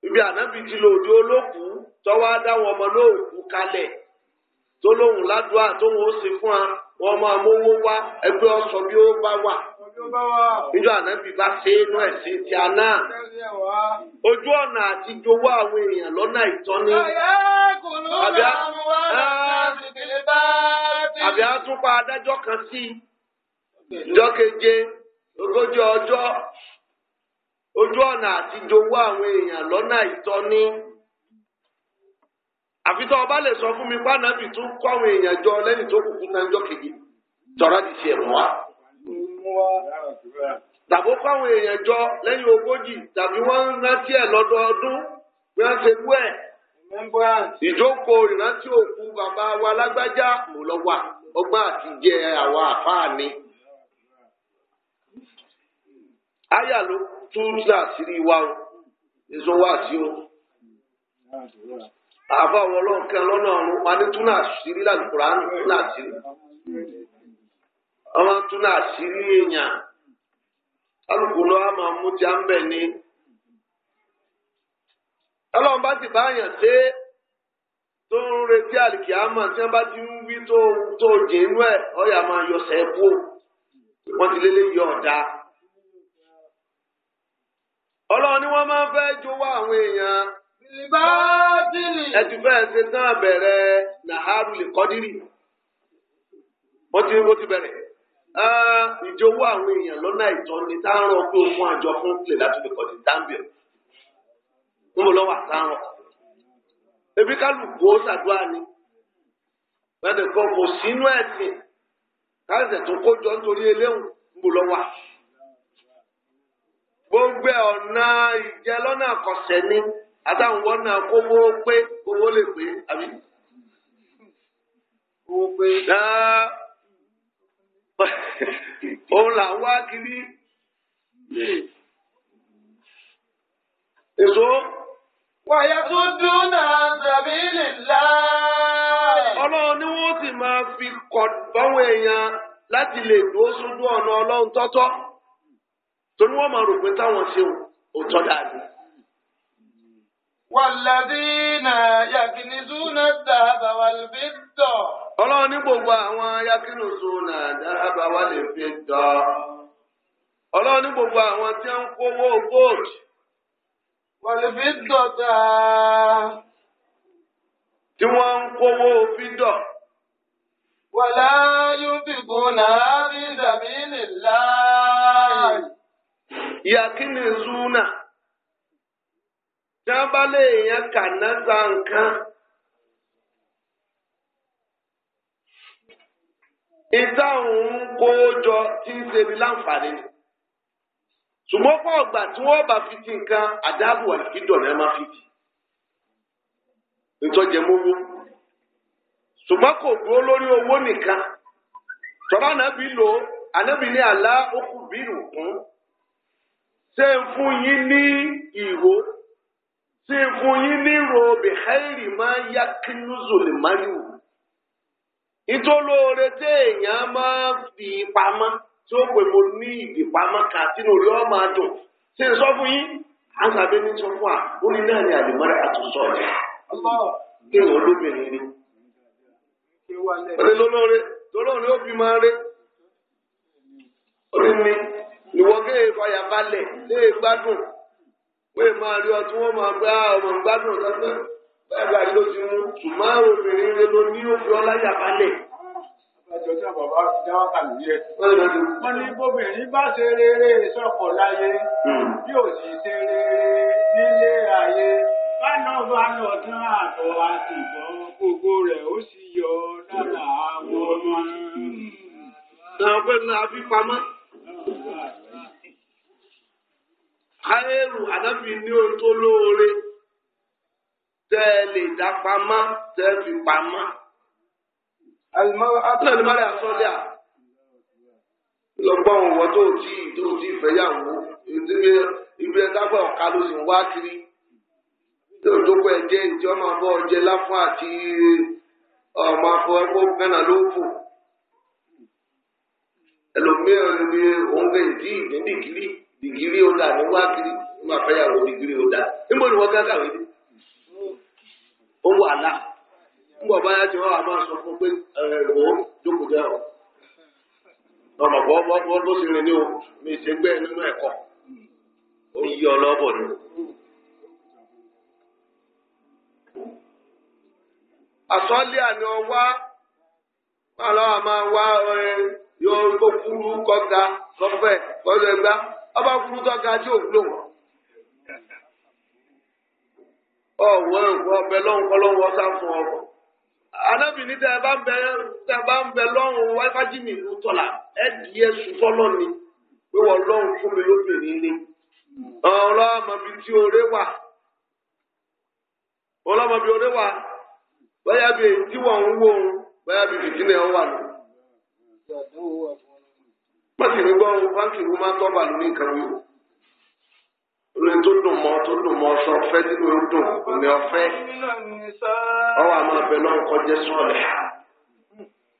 ibi ànábì ti olókùú tọ́wọ́ ọmọ náà kalẹ̀ tó wọ́n máa mówó wá ẹgbẹ́ ọ̀sọ̀ bí ó bá wà. Níjọ́ ànábì bá ṣe inú ẹ̀sìn ti àná. Ojú ọ̀nà àti jowó àwọn èèyàn lọ́nà ìtọ́ni. Àbí á tún pa adájọ́ kan sí ìjọ́ keje ogójì ọjọ́. Ojú ọ̀nà àti jowó àwọn èèyàn lọ́nà ìtọ́ni. àfi tó ọba lè sọ fún mi bá nàbì tún kó àwọn èèyàn jọ lẹ́yìn tó kù fún nájọ́ kejì tọ́ra ti ṣe mú wa. tàbó kó àwọn èèyàn jọ lẹ́yìn ogójì tàbí wọ́n ń rántí ẹ̀ lọ́dọọdún bí wọ́n ṣe wú ẹ̀. ìjókòó ìrántí òkú bàbá wa lágbájá mò lọ wà ọgbọ́n àti jẹ àwọn àfáà ni. áyà ló tún ṣàṣírí wa o èso wà sí o. àfa àwọn ọlọ́ọ̀kẹ́ lọ́nà ọ̀run wa ní túnà àṣírí lálùkùrá túnà àṣírí ọmọ túnà àṣírí èèyàn alùpùpù wa máa mú ti à ń bẹ̀ ni ọlọ́run bá ti bá dé tó ń retí àlìkí àmọ́ tí bá ti ń wí tó tó inú ẹ̀ ọ̀yà máa yọ sẹ́kù wọ́n ti yọ ọ̀dà. ọlọ́run ni wọ́n máa ẹtù bẹ́ẹ̀ ṣe náà bẹ̀rẹ̀ nàhárù lè wọ́n ti wọ́n ti bẹ̀rẹ̀ ìjọwọ́ àwọn èèyàn lọ́nà ìtọ́ ni táwọn àjọ fún tilẹ̀ láti lè lọ́wọ́ àtàwọn ebi kálukú ó ṣàdúrà ni kọ́ kò sínú ẹ̀sìn káṣẹ̀ tó kójọ nítorí ń lọ́wọ́ gbogbo ọ̀nà ni. àtàwọn wọn náà kówó pé owó lè pé àbí. owó pé. òun là ń wá kiri. èso. wàyà tó dún náà tàbí lè ọlọ́run ni wọ́n sì máa fi kọ̀ báwọn èèyàn láti lè dúró sójú ọ̀nà ọlọ́run tọ́tọ́ torí wọ́n máa rò pé táwọn ṣe òótọ́ dáadáa wàlẹ́dínà yàgìnìzúnà dàbà wàlbìtọ̀. ọlọ́run ní gbogbo àwọn yàgìnìzúnà dàbà wàlbìtọ̀. ọlọ́run ní gbogbo àwọn tí wọ́n ń kówó gold. wàlbìtọ̀ ta. tí wọ́n ń kówó fídọ̀. wàlá yóò fi gbóná rí dàbí nìlá. yàgìnìzúnà tí wọ́n bá lè yan kànáza nǹkan. ìtàwọn ń kó jọ tí ń ṣe ní láǹfààní ṣùgbọ́n fún ọgbà tí wọ́n bá fi ti nǹkan àdáàbò àkídọ̀ náà máa fi ti ìtọ́jẹ mọ́wọ́ ṣùgbọ́n kò dúró lórí owó nìkan tọ́ba ànábì lò ànábì ní àlá okùn bírù kún ṣé fún yín ní ìró sì fún yín nírò bìhẹ́rì máa ń yá kínúzù lè má yù. ìtòlóore tí èèyàn máa fi pamọ́ tí ó pè mo ní ìdìpamọ́ kà sínú orí ọmọ àdùn ṣe ń sọ fún yín à ní sọ fún wa ó ní náà ní àlùmọ́rẹ́ àtúnṣọ ni. ó fi máa gbádùn. wọ́n máa rí ọtún wọ́n máa gbá ọmọ gbádùn lọ́sẹ̀ bẹ́ẹ̀ bá ló ti mú ṣùgbọ́n obìnrin rẹ ló ní òfin ọláyà balẹ̀. Àjọ tí àbàbá ti dá wákà nìyẹn. Wọ́n ní bóbìnrin bá ṣe rere sọ̀kọ̀ láyé hmm. bí ò sì ṣe rere nílé ayé báná bá lọ dán àtọ̀ àti gbogbo rẹ̀ ó sì yọ lára àwọn ọmọ. Hmm. Àwọn ọgbẹ́ pamọ́. Hmm káyérù ànábì ní ohun tó lóore tẹ lè dá pamọ́ tẹ ẹ fi pamọ́. àtúnṣe ni mọ́lẹ̀ àsọ́dẹ̀ à lọ́gbọ́n òwò tó tí tó tí fẹ́yàwó ibi ẹ̀dáfẹ́ ọ̀ka ló sì ń wá kiri tó tó kọ ẹ̀jẹ̀ ìjọ́ máa bọ́ ọjẹ́ láfún àti ọmọ afọ ẹ̀kọ́ gánà ló ẹlòmíràn ni bí òun fẹ́ dí ìdí dìgírí dìgírí ó dà ní wákìrì ó máa fẹ́ yàwó dìgírí ó dà níbo ni wọ́n kàkàwé dé ó wà lá ń bọ̀ báyà tí wọ́n wà máa sọ fún pé òun jókòó jẹ́ ọ̀ bọ́ bọ́ ṣe rìn ní yóò kó kúrú kọta lọ́fẹ̀ pẹ̀lú ẹgbá ọba kúrú tọ́ka tí ò lò. ọ̀wọ́n nǹkan ọbẹ̀ lọ́hùn kọ́ lọ́hùn ọ̀sá fún ọ̀rọ̀. anábìíní tẹ bá ń bẹ tẹ bá ń bẹ lọ́hùn wájú mi ìlú tọ́lá ẹ dìé sùtọ́ lọ́ni pé wọ́n lọ́hùn fún mi lóbìnrin ni. ọ̀rọ̀ tí oore wà ọlọ́mọbi oore wà bóyá bíi tí wọ́n ń wó bóyá bíi fìdí náà wà lọ wọ́n sì ní gbọ́n báńkì ló máa tọ́ba lórí nǹkan wíwò lórí tó dùn mọ́ tó dùn mọ́ sọ ọ̀fẹ́ tí ló dùn òní ọ̀fẹ́ ọwọ́ àmọ́ ọbẹ̀ náà ń kọjá sọ̀rọ̀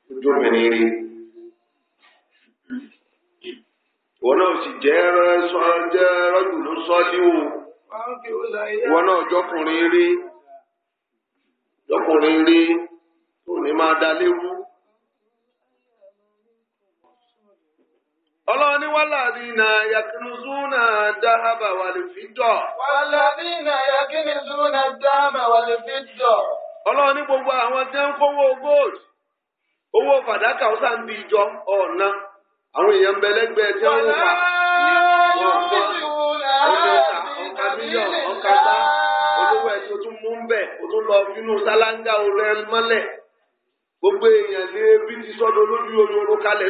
ojú mi ní rí wọn náà sì jẹ́ rọ́jù ló sọ díwò wọn náà jọkùnrin rí jọkùnrin rí tó máa dalé wú. ọlọ́ọ̀ni wàlàdí na yakinuzuna dáhàbà wàlífídọ̀. wàlàdí na yakinuzuna dáhàbà wàlífídọ̀. ọlọ́ọ̀ni gbogbo àwọn tẹ́ ń kówó gold owó fàdákà ó sàn bí ìjọ ọ̀nà àwọn èèyàn bẹ̀lẹ́gbẹ̀ tí wọ́n wà. olówó ẹ̀ tó tún mú bẹ̀ ó tún lọ sálángà mọ́lẹ̀ gbogbo èèyàn lé bí ti sọ́dọ̀ lójú kalẹ̀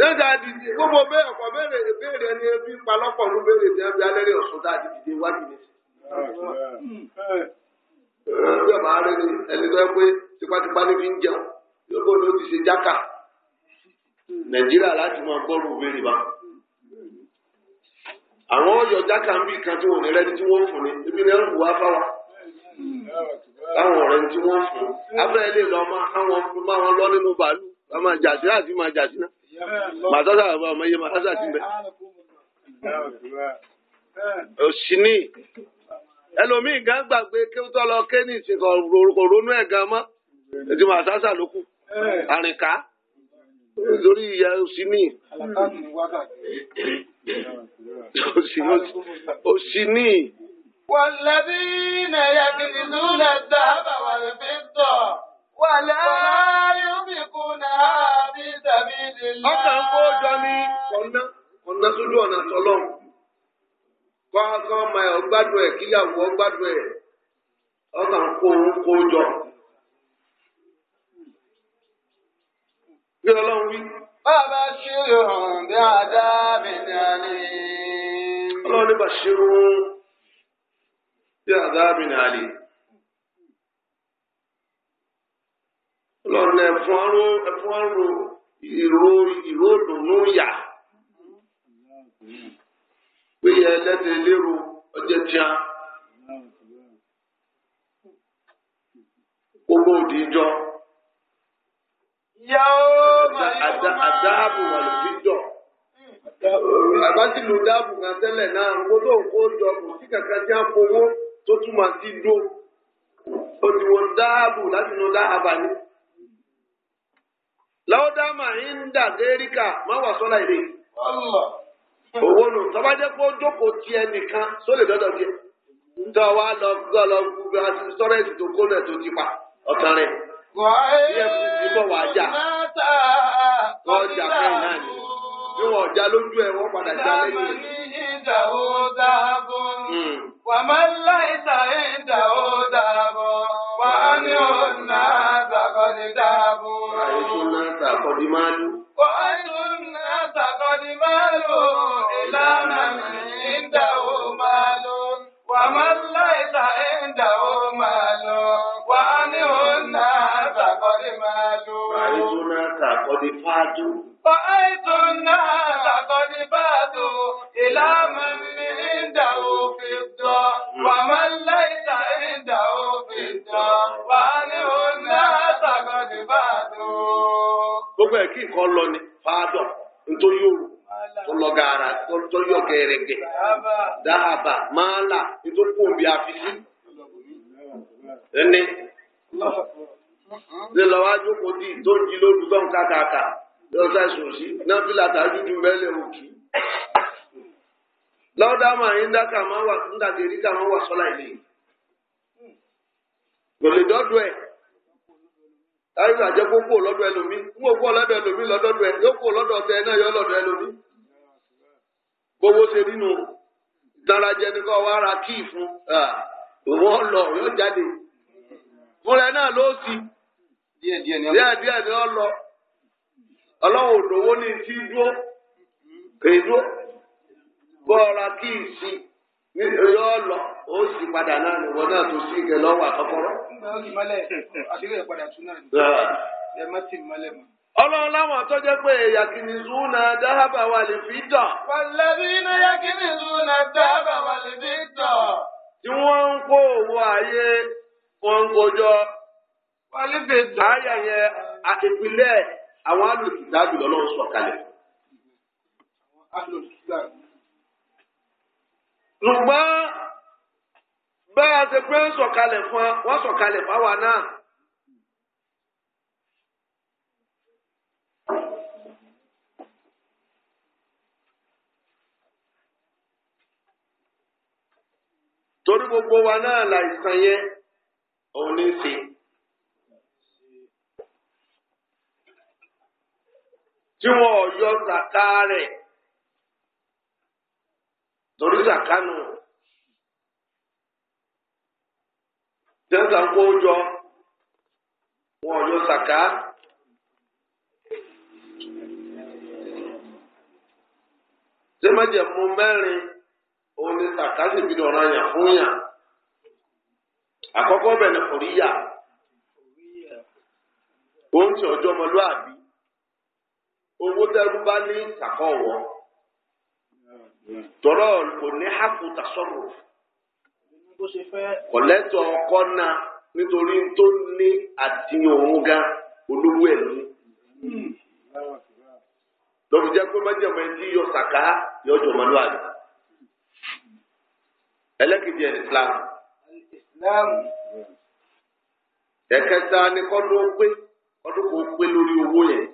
nígbà dìde gbogbo bẹ́ẹ̀ ọ̀pọ̀ béèrè béèrè ẹni ẹbí palọ́pọ̀ ló béèrè ní ẹbí alẹ́ rẹ̀ ọ̀sùn dáàdì dìde wájú mi. bí ọba rẹ ni ẹni tó yẹ pé tipátipá ní fi ń jẹun yóò ló ti ṣe jáka nàìjíríà láti máa gbọ́rù béèrè bá. àwọn ọyọ jáka ń bì kan tí wọn ò ní rẹni tí wọn fún ni ebi ní ẹrù wá fáwa táwọn ọ̀rẹ́ tí wọ́n fún un abẹ́rẹ́ lè lọ máa káwọn máa wọn lọ nínú bàálù máa jà màtásà bàbá ọmọ iye màtásà ti bẹ òsínì ẹlòmíì gan gbàgbé kéwútọ́ lọ ké ní ìsìnkọ ronú ẹ̀ gan mọ́ ètò màtásà ló kù àrìnká nítorí ìyá òsínì òsínì. والذين يكنزون الذهب والفضة Wàlá yóò fi kúnà bí kó ní ọ̀nà ọmọ ẹ̀ kíyàwó ọgbádùn ẹ̀ ọkàn kó kó jọ. Bí ọlọ́run wí. Bàbá Ọlọ́run ní bàṣírun bí àdáàbì dání. lọ́nà ẹ̀fọn ọ̀rọ̀ ẹ̀fọn ọ̀rọ̀ ìró ìró dùnú yà péye ẹlẹ́dẹ̀ lérò ọjọ́ tíá gbogbo òdì ìjọ. Àdáàbò wà lóbi jọ. Àbájìlú dáàbò kan tẹ́lẹ̀ náà owó tó kó jọ kò sí kankan tí a fowó tó túmọ̀ sí dó. Òdìwọ̀n dáàbò láti nu dáàbà ni. lọ́dàmà ń dà dẹ́ríkà má wà sọ́la ìlé. owó nù tọ́ba jẹ́ pé jókòó tiẹ̀ nìkan dọ́dọ̀ ntọ́ wa lọ gbọ́ lọ àti tó ti pa ọ̀tàn rẹ̀. efcc bọ̀ wá jà wọ́n jà fún ni ní ọ̀nà àtàkọ́dé dáàbò. Àìsùn náà àtàkọ́dé máa lò. Àìsùn náà àtàkọ́dé máa lò. Ìlànà mi ìdáwó máa lò. Wà máa láìsà ìdáwó máa lò. Wà á ní ọ̀nà àtàkọ́dé máa lò. Àìsùn náà àtàkọ́dé fáájú. kí nǹkan lọ ni fáádọ̀ nítorí òru tó lọ gàrà tó yọ dáhàbà máàlà nítorí kò bí àfisí ẹni ní lọ́wọ́ ajókòó dì tó ń jí lóru tó ń kàkàkà lọ́sà ìsòsí náà fi làtàjú ju mẹ́lẹ̀ òkì. lọ́dà máa ń dákà máa wà wà sọ́lá ìlẹ̀. ẹ̀. láyé àjẹ kó kó lọ́dọ̀ ẹlòmí mú òkú ọlọ́dọ̀ ẹlòmí lọ́dọ̀ ẹ yóò kó lọ́dọ̀ ọtẹ náà yọ lọ́dọ̀ ẹlòmí. gbowó ṣe nínú darajẹ ní kọ́ wa ra kíì fún wọn lọ yóò jáde náà ló ni ọ lọ ọlọ́wọ́ òdòwó ní ti dúró yọ lọ ó sì padà náà ni wọn náà tó sí akọkọrọ. lọ́wọ́ àkọ́kọ́rọ́. Ọlọ́run láwọn tó jẹ́ pé ẹ̀yà kìíní zúnà wà lè fi tọ̀. Wàlẹ́bí iná yà kìíní zúnà wà lè fi tọ̀. Tí wọ́n ń kó owó ayé wọn ń kojọ. fi ṣùgbọ́n bá a ṣe pé ń sọ̀kalẹ̀ fún wa wọ́n sọ̀kalẹ̀ fáwa náà. torí gbogbo wa náà láìsàn yẹn òun ní í tí wọn ò yọ sàkà torí zakanu jẹ́nsà ń kó jọ wọn yóò sàká. sèmẹ́jẹ̀mú mẹ́rin òun ni sàká sì fi dọ̀rọ̀ yàn fún yàn. àkọ́kọ́ bẹ̀ ni kòríyà òun ti ọmọlúwàbí owó tẹ́rú bá ní sàkọ́ tọrọ kò ní hàkù tasọrọ kọlẹtọ ọkọ náà nítorí tó ní àdìyàn òun gan olówó ẹ ní. lọ́dún jẹ́ pé májèmọ́ ẹni tí yọ sàká yọjọ́ mọ́lúwàbí. ẹlẹ́kìtì ẹ̀ Islam. ẹ̀kẹta ni kọ́dún ó pé ọdún kò pé lórí owó yẹn.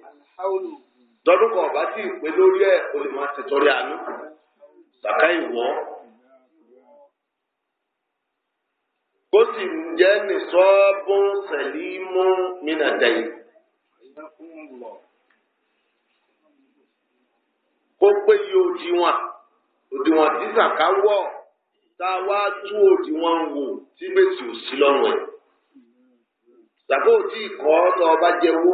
tọdún kan ọ̀bá tí ì lórí ẹ̀ o lè máa ṣètọ́rẹ́ sàká ìwọ́ kó sì ń jẹ́ nìṣọ́bùn sẹ̀límù mínàdẹ́yìn. kó pé iye òdiwọ̀n òdiwọ̀n tí sàká wọ̀ tá a wá tú òdiwọ̀n wò tí méjì ò sí lọ́rùn ẹ̀. sàká ò tí ì kọ́ ọ́ tó ọba jẹ́wó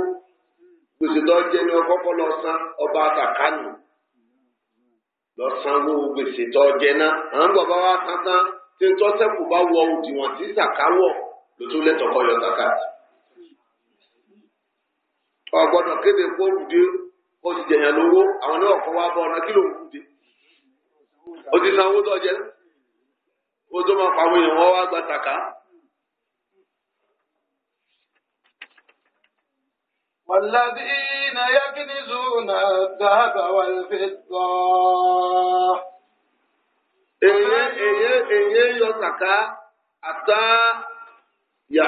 gbèsè tó jẹ́ ní ọkọ́kọ́ lọ san ọba àtàkánù lọ́sànwó gbèsè tó jẹ náà àwọn bàbá wa kan tán tí ń tọ́ sẹ́kù bá wọ òdiwọ̀n tí sàkáwọ̀ ló tún lẹ́tọ̀ọ́ kọ́ yọ sàkàtì. ọ̀gbọ́dọ̀ kéde kó rùdé kó ti jẹ̀yàn lówó àwọn náà kọ́ wá bọ́ ọ̀nà kí ló ń rùdé. ó ti sanwó tó jẹ ó tó máa pa àwọn èèyàn wọn wá gba sàkà. والذين يكنزون الذهب والفضة èyí èyí èyí yọ kàkà àtà wa.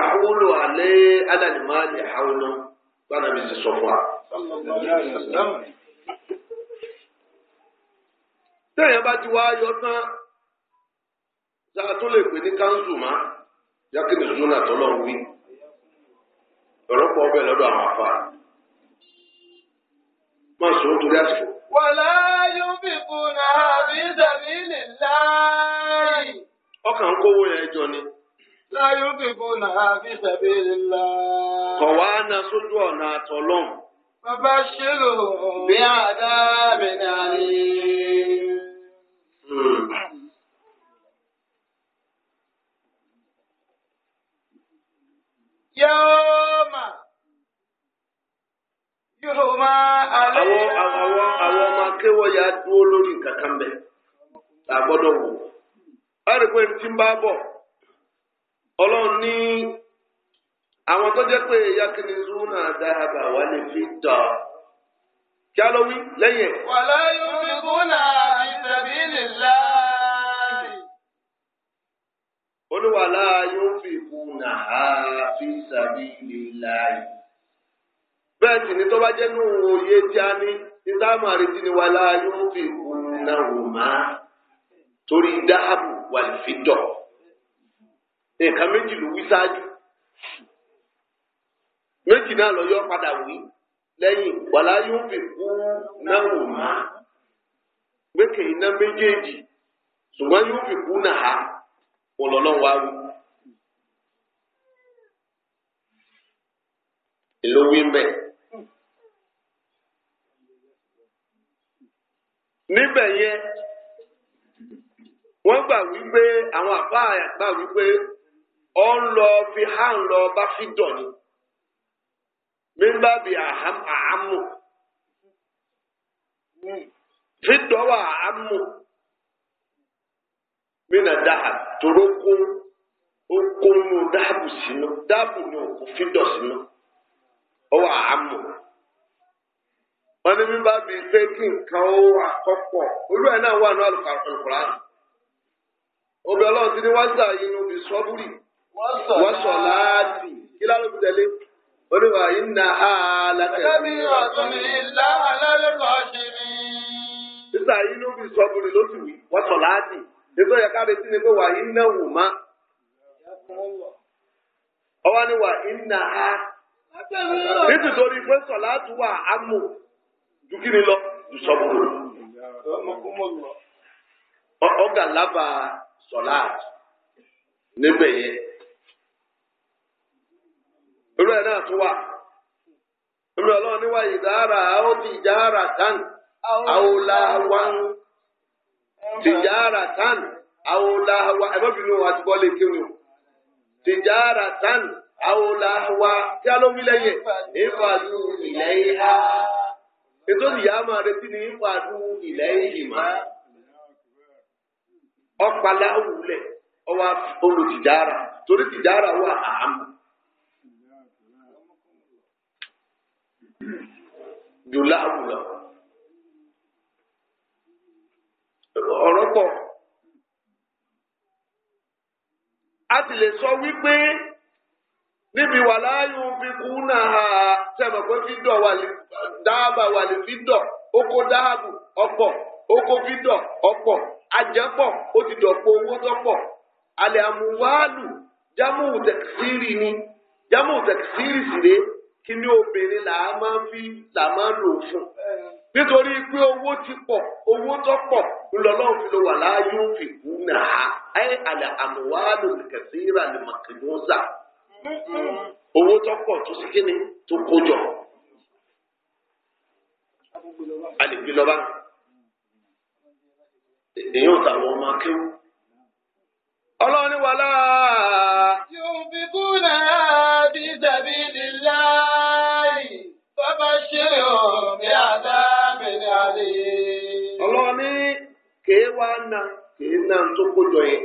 téèyàn bá ti wá yọ ṣáà tó lè pè ní káńsù má yàkínì ọ̀rọ̀ pọ̀ ọbẹ̀ lọ́dọ̀ àwọn afá máa sọ nítorí àsìkò. wàlá yóò fi kùnà àbí sàbílì láàyè. ọkàn ń kówó ni. láyò fi na àbí sàbílì láàyè. na sójú ọ̀nà àtọ̀lọ́m. bàbá ṣèlò bí àdá mi ni. Hmm. àwọn ọmọ ya dúró lórí nǹkan kan bẹ̀ tá a gbọ́dọ̀ wò. pé tí ń bá bọ̀ ọlọ́run ní àwọn tó jẹ́ pé yakini zuna dáhàbà wà lè fi tọ̀ kí lọ wí lẹ́yìn ẹ̀. wàlá yóò fi kúnà fi nìlá. fi kúnà bẹ́ẹ̀ sì ni tó bá jẹ́ nù òye tí a ní títà màrìtì ni wà láàyè ó fi kùnà wò má torí dáàbò wà lè fi dọ̀ nǹkan méjì ló wí sáájú méjì náà lọ yọ padà wí lẹ́yìn wà ha níbẹ̀ yẹn wọ́n gbà wípé àwọn àbá àgbà wípé ọ ń lọ fi há ń lọ bá fi dọ̀ni mímbà bíi àhámù fi dọ̀wọ́ àhámù mina dahab toro kó mú dahabu sínú dahabu ni òkú fi dọ̀ sínú ọwọ́ àhámù. wọ́n ní bíbá bí pé kí nǹkan ó wà kọ́pọ̀ olúwa náà wà ní alùpàrọ̀ ọlọ́run ti ní wáṣà inú bí sọ́búrì wọ́ṣọ̀ láàtì kí lálóbi tẹ̀lé olúwa yìí nà á lákẹ́. ẹ̀mí ọ̀tún ìlà alálẹ́kọ̀ọ́ ṣe mí. sísà inú bí sọ́búrì ló sì wí wọ́ṣọ̀ láàtì ètò yẹ ká retí ni pé wà náà wà ju kí lọ ju sọ́kùrù lọ. ọ̀gá lába sọ̀lá níbẹ̀ yẹn. irú ẹ̀ náà tún wà irú ẹ̀ lọ́wọ́ níwá ìdára àwọn ti ìjára tán àwòlá wa ti ìjára wa a ló wí lẹ́yìn ètò ìyá máa retí ní wàdú ilẹ̀ ìhìmá ọ̀pàlà òwúlẹ̀ ọwọ́ olùtìjára torí tìjára wà àmú. jùlọ àwùlọ ọ̀rọ̀ pọ̀ a ti le sọ wípé níbi wàláyò fi kú náà. sẹ́mi pé fídọ̀ wàlí dáàbà wàlí fídọ̀ oko dáàbù ọ̀pọ̀ oko fídọ̀ ọ̀pọ̀ ajẹ́pọ̀ ó ti dọ̀pọ̀ owó tọ́pọ̀ alẹ́ àmúwáàlù jámù tẹ̀síìrì ni jámù sì kí ni obìnrin là á máa fi là á máa lò fún nítorí pé owó ti pọ̀ owó tó pọ̀ ńlọlọ́run fi wà láàyè òfin kú náà àmúwáàlù owó tó pọ̀ tó tó kó jọ a lè gbé lọ́ba èyàn tàwọn ọmọ akéwù. wà láà. yóò fi bí dàbí nílá yìí bàbá ṣe ọ̀mí àdámẹ́lẹ́ àlè. ọlọ́run kèé wá na tó kó jọ yẹn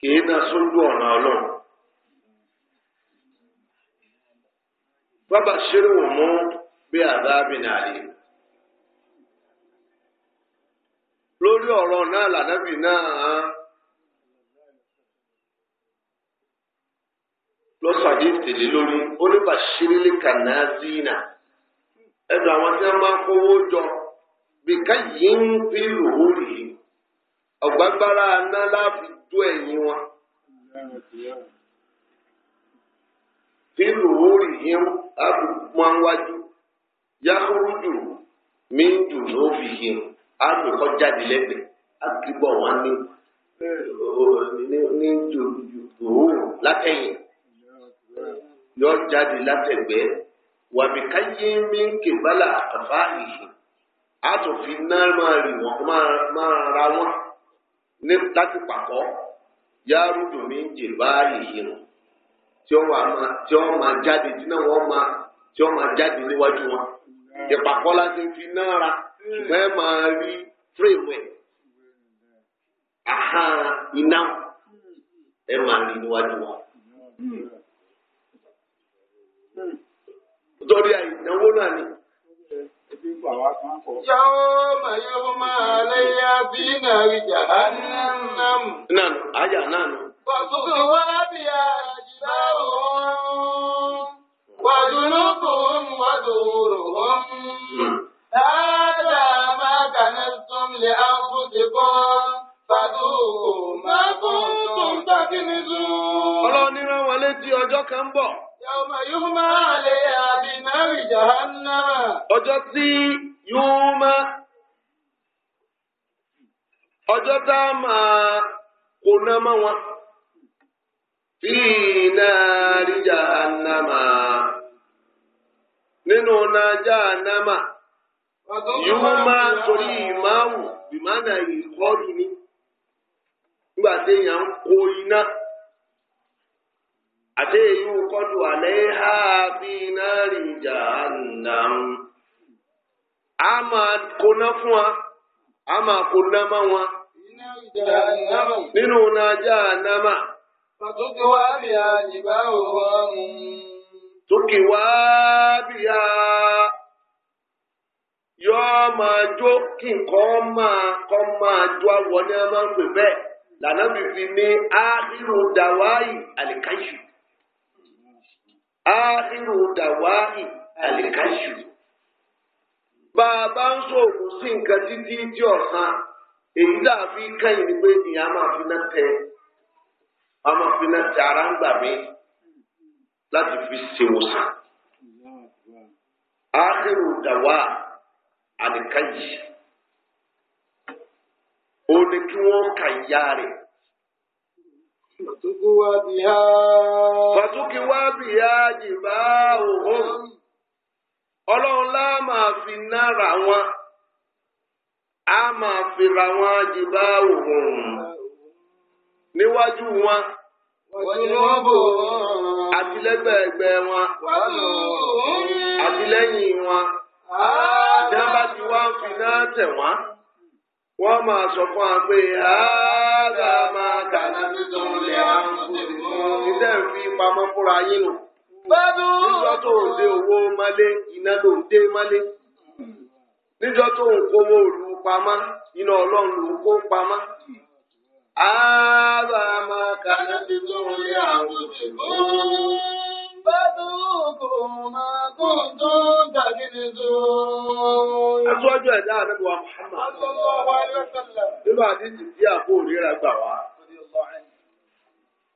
kèé sójú ọ̀nà ọlọ́run. bábà ṣeré wò mú bí àdáàbì nàlè. lórí ọ̀rọ̀ náà làdábì náà lọ sàdé tèlé lórí oníbà ṣerélé kànáàzínà ẹ̀dùn àwọn tí wọ́n máa ń kówó jọ bí káyìí ń fi lòórì ọ̀gbágbára náà láàfin tó ẹ̀yìn wọn nínú orí yẹn máa ń wájú yahurudu mi ń dùn lóbi yẹn àgbẹ̀kọ́ jáde lẹ́gbẹ̀ẹ́ àgbẹ̀bọ̀ wọn ní ní dùn látẹ̀yìn yọ jáde látẹ̀gbẹ́ wàbíkáyé mi ń kébálà àkàfà yìí àtòfin náà máa rì tí ó máa jáde tí náà wọ́n máa tí ó máa jáde níwájú wọn. ìpàkọ́lá ti fi náà ra hmm. ṣùgbọ́n ẹ máa rí fírémù ẹ̀ àhán iná ẹ máa rí níwájú wọn. Hmm. nítorí àìnáwó náà ni. يوم يغمى عليها في نار جهنم. نعم، أجا نعم. وتغوى بها سوءهم وجنوبهم ودورهم هذا ما كنزتم لأنفسكم فذوقوا ما كنتم ọjọ́ ń tí ọjọ́ tá a máa ná wọn. fi náàrí jahannama nínú náà jahannama yóò máa torí ìmáwù ìmánà ìkọlù ni nígbà tí èèyàn ń kó iná àti èyí ń kọlù àlẹ́ ha fi náàrí jahannama فتطوى بها جباههم تكوى بها yóò máa jó kí nǹkan máa kọ́ máa jó awọ ní ẹ máa ń pè bẹ́ẹ̀ lànà bìbí ní áhírù dàwáì àlìkáṣù áhírù dàwáì àlìkáṣù bá a bá ń sọ̀rọ̀ sí nǹkan títí tí ọ̀sán èyí dàbí kẹ́yìn ni pé ìyá máa fi náà tẹ̀ ọmọ fínà ti ara ń gbà mí láti fi ṣèwòsàn. ákérò dàwa àdìka yìí o ní kí wọ́n kà ìyá rẹ̀. Fàtúkì wá bí yá. Fàtúkì wá bí yá jìbá òhún. Ọlọ́run lá máa fi nára wọn. A máa fi ra wọn jìbá òhún níwájú wọn. Àtìlẹ́gbẹ̀ẹ́gbẹ́ wọn. Àtìlẹ́yìn wọn. Dábàá ti wá ń fi náà tẹ̀ wọ́n. Wọ́n máa sọ fún wa pé ààrẹ máa dáná títún lè àǹkú. Ìdẹ́ ń fi pamọ́ fúnra yín nù. Níjọ́ tó ń dé owó mọ́lé, iná ló ń dé mọ́lé. Níjọ́ tó ń kówó òlu pamọ́, iná ọlọ́run ló ń kó pamọ́. هذا ما كنتم لأنفسكم فذوقوا ما كنتم تكنزون. Aṣojú ẹ̀dá Ànábì wa Muhammad. Nínú àdìsí tí àbó òrìra gbà wá.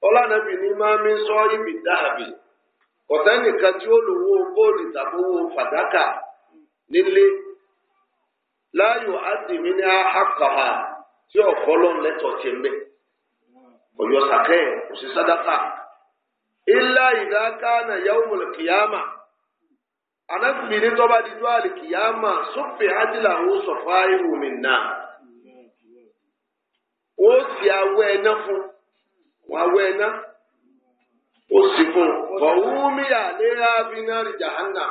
Ọlánàbì ni máa mi sọ ibi dáàbì. Kọ̀tẹ́nìkan tí ó lówó góòlì tàbí owó fàdákà nílé. Láyò á dì mí ní àhàkọ̀ tí ọ̀kọ́ ló ń lẹ́tọ̀ tiẹ̀ ń bẹ̀ ọ̀yọ́ sàkẹ́ kò sí sádàkà ilá ìdáká na yawmul kìyàmà anáfìmìlẹ̀ tọ́ba dídú àlè kìyàmà sófin ájìlá àwọn sọ̀fà ìwòmí náà wọ́n sì awọ ẹ̀ná fún wọ́n awọ ẹ̀ná ó sì fún fọ̀wúmi àléhà bínárì jahanna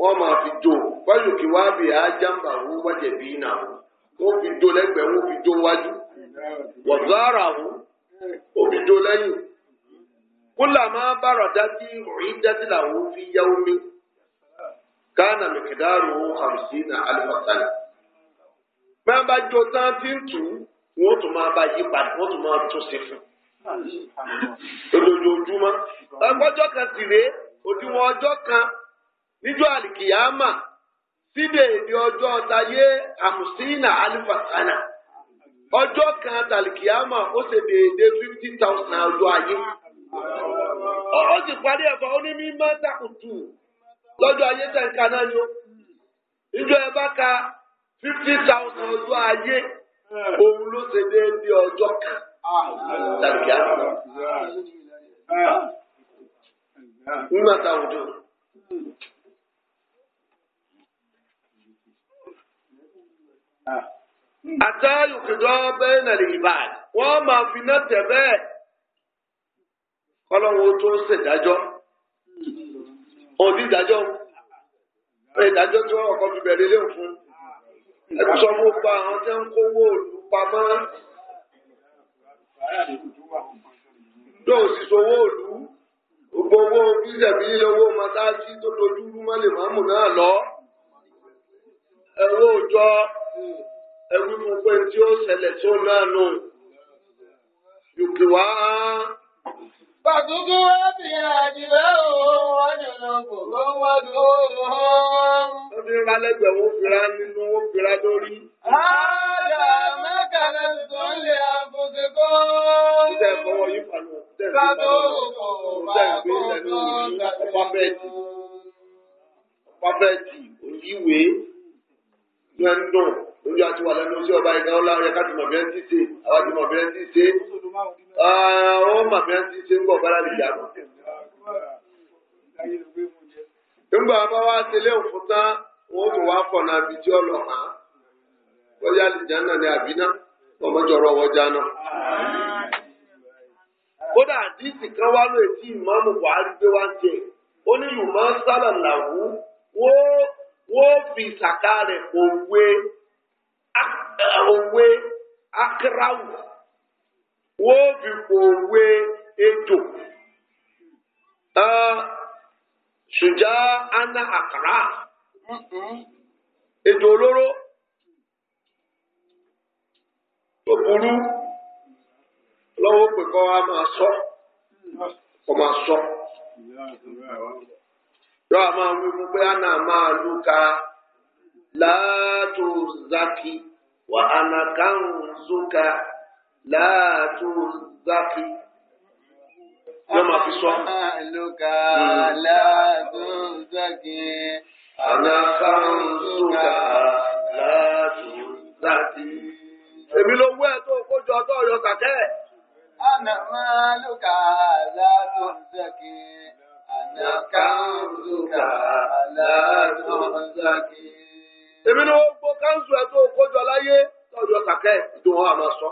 wọ́n máa fi jó wáyò kí wá bìí á jábà wú wájẹ̀ bí náà wọ́n fi do lẹ́gbẹ̀ẹ́ wọ́n fi do wájú wọ̀zára wọ́n ó fi do lẹ́yìn kúlà máa bára dájú ìròyìn dájú làwọn fi yá omi gánà mẹkẹdárò hàmsí na alifasala máa bá jó tán tí ń tù wọ́n tún máa bá yí padà wọ́n tún máa tún sí fún lójoojúmọ́ ọgbọ́jọ́ kan sì rèé òdiwọ̀n ọjọ́ kan níjọ́ àlìkìyàmà. síbi èdè ọjọ́ ọ̀tayé àmùsínà alifasana ọjọ́ kan tàlìkìyàmà ó ṣe déédé fifteen thousand ọjọ́ ayé ó sì parí ẹ̀fọ́ ó ní mímọ́ lọ́jọ́ ayé tẹ̀ka náà ni ó ìjọ bá ka fifteen thousand ọjọ́ ayé òun ló ṣe déédé ọjọ́ kan tàlìkìyàmà mímọ́ àtàyùkìjọ bẹ́ẹ̀ nà lè bá wọ́n máa fi iná tẹ̀ bẹ́ẹ̀ kọ́lọ́hún tó ń ṣèdájọ́ onídàájọ́ ìdájọ́ tí wọ́n kọ́ fi bẹ̀rẹ̀ lé fún ẹ̀sọ́ mú pa àwọn tí ń kówó òòlù pamọ́ yóò sì sowó òòlù gbogbo owó bíjẹ̀bí owó mọ́tàásí tó lójú rúmọ́lẹ̀ mọ́mù náà lọ ẹ̀rọ òjọ́ ẹrú mú pé tí ó ṣẹlẹ̀ tó náà nù. Yòkè wá. Bàtúkú wá bí àdìbẹ́ òun wájú náà kò ló ń wá dúró. Wọ́n fi ra lẹ́gbẹ̀ẹ́ wọ́n fi ra nínú wọ́n fi ra lórí. Àdà mẹ́kàlẹ́ tó ń lè òyìnwé lẹ́ńdọ̀n lójú àti wà lẹ́nu sí ọba ìgbà ọlá yẹ ká ti mọ̀ bí ẹn ti ṣe àwa ti mọ̀ bí ẹn ti ṣe ah, ó mọ̀ bí ẹn ti ṣe ń bọ̀ bára lè dàgbà. nígbà bá wá tẹlẹ òfin tán wọn ò tún wá pọ̀ náà bí tí ọlọ́pàá bóyá àlìjáná ni àbínà ọmọjọrọ wọjá náà. kódà àdìsí kan wá lóye tí ìmáàmù buhari gbé wá ń jẹ ó ní ìmọ̀ sálà làwù wọ́n fi ìsàkà kò wé òwe akíráwù wọ́n fi òwe ejò ṣùjá ana àkàrà ejò olóró tó burú lọ́wọ́ pé kọ́ wa máa sọ kọ́ máa sọ yọ àwọn àwọn wíwú pé ana máa lù ká látò zaki. وأنا كنزك لا تزكي yọ́mà fi sọ. Àlùkà látúnzàkì. Àlùkà ńzùkà látúnzàkì. Èmi ló wú ẹ̀ tó ọjọ́ ọ̀yọ́ kàkẹ́. Ànàmọ́ àlùkà látúnzàkì. Àlùkà ńzùkà látúnzàkì èmi ni wọ́n gbọ́ káńsù ẹ̀ tó kọjọ láyé lọ́jọ́ ọ̀tàkẹ́ ìdùn wọn àmọ́ sọ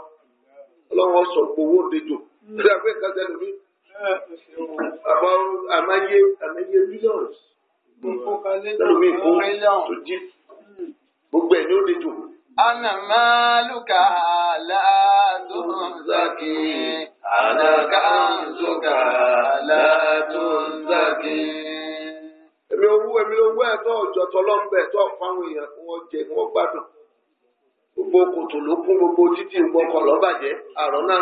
ọlọ́wọ́ sọ gbowó dejò mm. ṣé àgbẹ̀ kan sẹ́nu mi eh, àmọ́ àmáyé àmáyé mílíọ̀nù sẹ́nu mi kó tó jí gbogbo ẹ̀ ní ó Ana maluka la tunzaki, ana kanzuka la tunzaki. èmi owó èmi owó ẹ̀ tó ọjọ́ tọlọ́mbẹ̀ tó fáwọn èèyàn kí wọ́n jẹ kí gbádùn gbogbo kòtò ló kún gbogbo títì gbọ́kọ̀ lọ́bàjẹ́ àrọ́ náà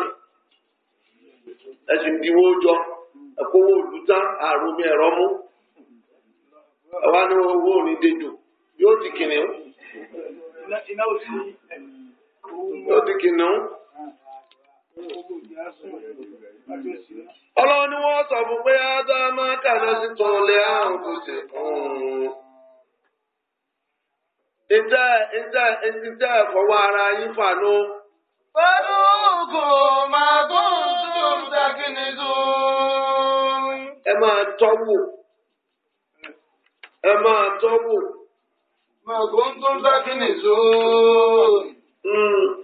ẹ̀sìn ìdíwó jọ ẹ̀kọ́ owó àrùn mi mú owó ni wọ́n sọ fún pé innaka lasitole anfusikum. ìjà ìjà ìjà ẹ̀fọ́wọ́ ara yín fànú. pẹ̀lú kò máa tó tó dákínní tó. ẹ máa tọ́wò ẹ máa tọ́wò. màgò ń tó dákínní hmm. tó.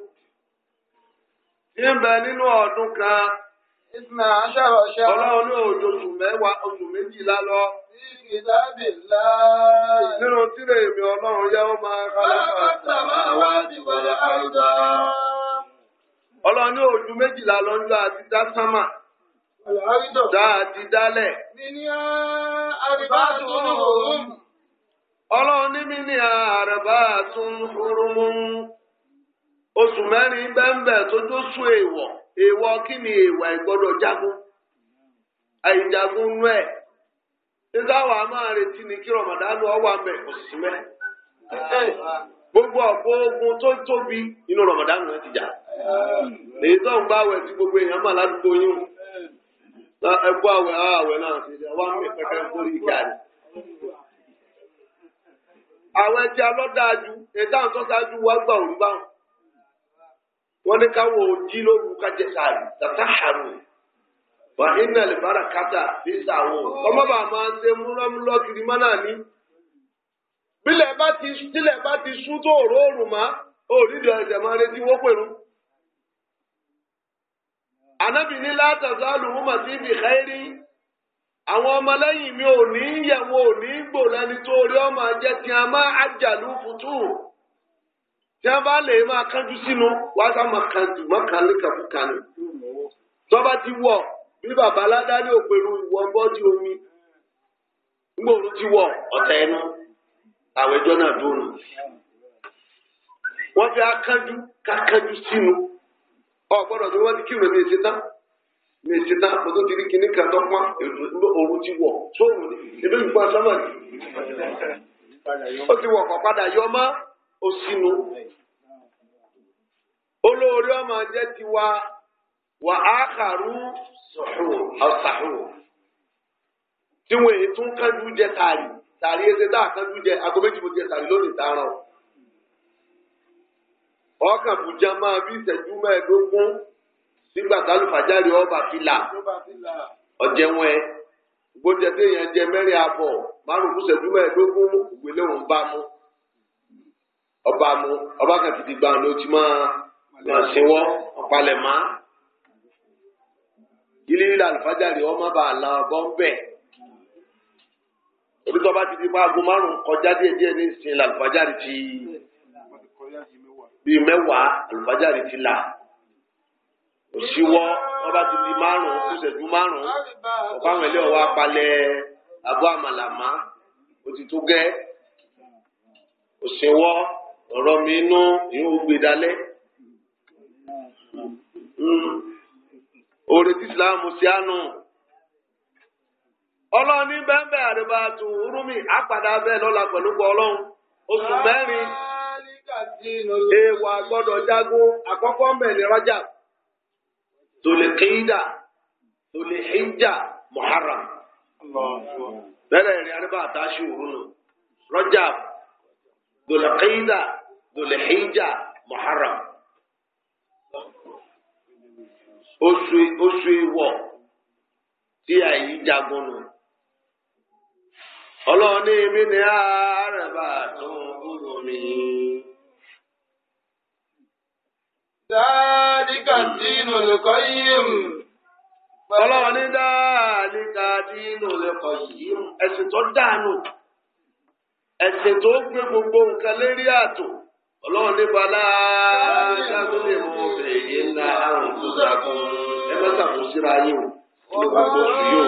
tí ń nínú ọdún kan. Ìsìnà ní òjò oṣù mẹ́wàá oṣù méjìlá lọ. Ìkìtàbí ńlá. Nínú tílé èmi ọlọ́run yá ó máa kálá. wá wọlé ní òjò méjìlá lọ́jọ́ àti dásámà. Dá àti dálẹ̀. ní àrùbá tó ń ní mi ní àrùbá oṣù mẹ́rin bẹ́ẹ̀nbẹ́ẹ̀ tó tó sún èèwọ̀ èèwọ̀ kí ni èèwọ̀ ìgbọ́dọ̀ jagun àìjagun nú ẹ̀ nígbà wà máa ni kí rọ̀mọ̀dánù ọwọ́ àmẹ́ kò mẹ́. gbogbo ọ̀pọ̀ ogun tó tóbi nínú rọ̀mọ̀dánù ẹ ti jà èyí tó àwẹ̀ tí gbogbo èèyàn mà ládùúgbò yín àwẹ̀ àwẹ̀ náà ti wọ́n ní káwọn òjì lóru kájẹ sàárì tàtà àrò wà iná lè bára kátà bí sàwọ ọmọ bàá máa ń ṣe múlọmúlọ kiri mọ náà ní. bílẹ̀ bá ti tílẹ̀ ti sún tó òró òrùn mọ́ òrídìí ọ̀sẹ̀ máa retí wọ́n pèrú. ànábì ní látàzá lùhùmà sí ibi xẹ́rí àwọn ọmọlẹ́yìn mi ò ní ò ní gbò lẹ́ni tó rí ọmọ ajẹ́ tí a bá lè máa kánjú sínú wá sá máa kánjú má kàn lè kàkú kàní. tọ́ba ti wọ̀ bí bàbá aládàáni òpèrú ìwọ bọ́dí omi gbòòrò ti wọ̀ ọ̀tẹ̀ ẹnu àwọn ẹjọ́ náà dúró. wọ́n fi akánjú kákánjú sínú ọ gbọ́dọ̀ tó wọ́n ti kírun èmi èsì tán èmi èsì tán kò tó ti rí kinní kan tó pọ́n òru ti wọ̀ sóòrùn ní ìlú ìgbà sábà ní. ó ti wọ̀ kọ̀ padà yọ ó sínú olóore ọmọ jẹ́ tiwa wà á kàrú ọ̀sàhùn tí wọ́n èyí tún kánjú jẹ tààrí tààrí ẹsẹ̀ tá a kánjú jẹ aago méjì mo jẹ tààrí lónìí tààràn ọkàn bùjá máa bí ìṣẹ́jú mẹ́ẹ̀ẹ́dógún nígbà tálùfàjáde ọba fìlà ọ̀jẹ̀ wọn ẹ gbọ́dọ̀ tẹ̀yàn jẹ mẹ́rin àbọ̀ márùn-ún ìṣẹ́jú ìwé lóhùn bá mú ọba mu ọba kan ti di gbà ló ti máa máa sinwọ ọpalẹ má ilé ilé àlùfájàre ọmọ bá a la ọbọ ń bẹ orí tó bá ti di paago márùn kọjá díẹ̀ díẹ̀ ní ìsìn àlùfájàre ti bíi mẹ́wàá àlùfájàre ti là òṣìwọ wọn bá ti di márùn kùsẹ̀dú márùn ọ̀pá àwọn ilé ọ̀wọ́ apalẹ̀ abọ́ àmàlàmá ó ti tó gẹ́ òṣìwọ́. ọ̀rọ̀ mi inú ìhun gbé dalẹ̀. Hmm. Oore tí Ìsìláàmù ṣe àánú. Ọlọ́run ní bẹ́ẹ̀ Rúmi àpàdà bẹ́ẹ̀ lọ́la pẹ̀lú ọlọ́run. Oṣù mẹ́rin èèwọ̀ àkọ́kọ́ mẹ́rin rájà. kéyídà, dòlèhíjà muharram oṣù oṣù ìwọ tí àyí jagun nù ọlọ́run ní mi ní àárẹ̀bà tó ń gbúrò mi. dáadíkà dínú lẹ́kọ̀ọ́ yìí. ọlọ́run ní dáadíkà dínú lẹ́kọ̀ọ́ yìí. ẹ̀sìn tó dànù ẹ̀sìn tó gbé gbogbo nǹkan lérí ààtò ọlọ́run ní balá ṣáàtúndé mọ èyí ńlá àrùn tó dàgbọ́n ẹ má sàkóso síra yín o ní gbogbo òsì yóò.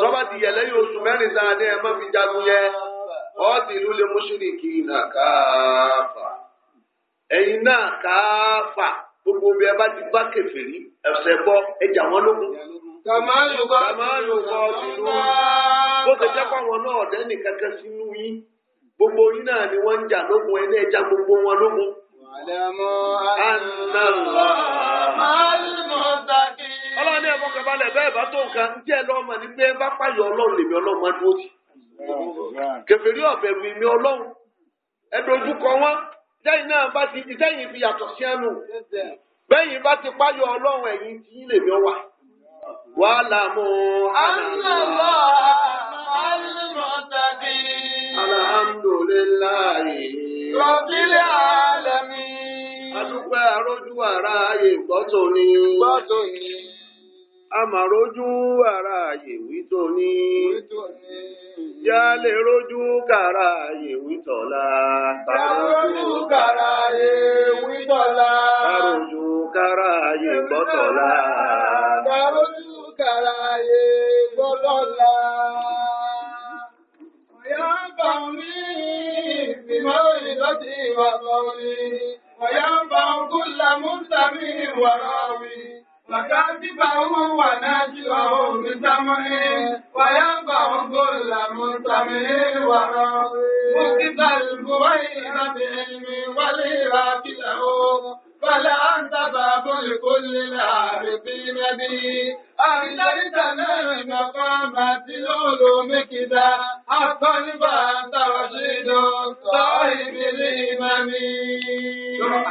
tọ́ba ti yẹ lẹ́yìn oṣù mẹ́rin dáadé ẹ má fi jagun yẹ ọ́ọ̀dì ìlú lè mọ́ṣíríkì nà káfà ẹ̀yin náà káfà gbogbo omi ẹ bá ti bá kèfèrí ẹ̀sẹ̀ bọ́ ẹjà wọn lógun. kàmá yòókọ́ tìlú bó ṣe jẹ́ pàwọn náà ọ̀dẹ́ nìkankan sínú gbogbo yín náà ni wọ́n ń jà lógun ẹ̀ náà já gbogbo wọn lógun. ọlọ́ni ẹ̀fọ́ kẹbalẹ̀ bẹ́ẹ̀ bá tó nǹkan ń jẹ́ lọ́mọ ní pé bá pààyàn ọlọ́run lèmi ọlọ́mọ dúró sí. kẹfìrí ọ̀bẹ mi mi ọlọ́run ẹ dojúkọ wọn lẹ́yìn náà bá ti ìtẹ́yìn fi yàtọ̀ sí ẹnu bẹ́yìn bá ti pààyàn ọlọ́run ẹ̀yìn tí lèmi لله رب العالمين adúpẹ́ arójú ara ààyè gbọ́tò ni. gbọ́tò ni. amàrójú ara ààyè wítò ni. rójú kàrà ààyè wítọ̀la. yálójú kàrà ààyè wítọ̀la. rójú kàrà ààyè gbọ́tọ̀la. yálójú kàrà فمي بموعظتي وقولي وينفع كل مستمع وراوي وكاتبه وناشره بسمعه وينفع كل مستمع وراوي مكتب البويبة بعلمي ولي له فلا أنت باب لكل العارفين به أنت من مقامة العلوم كذا حقا فأنت رشيد صاحب الإمام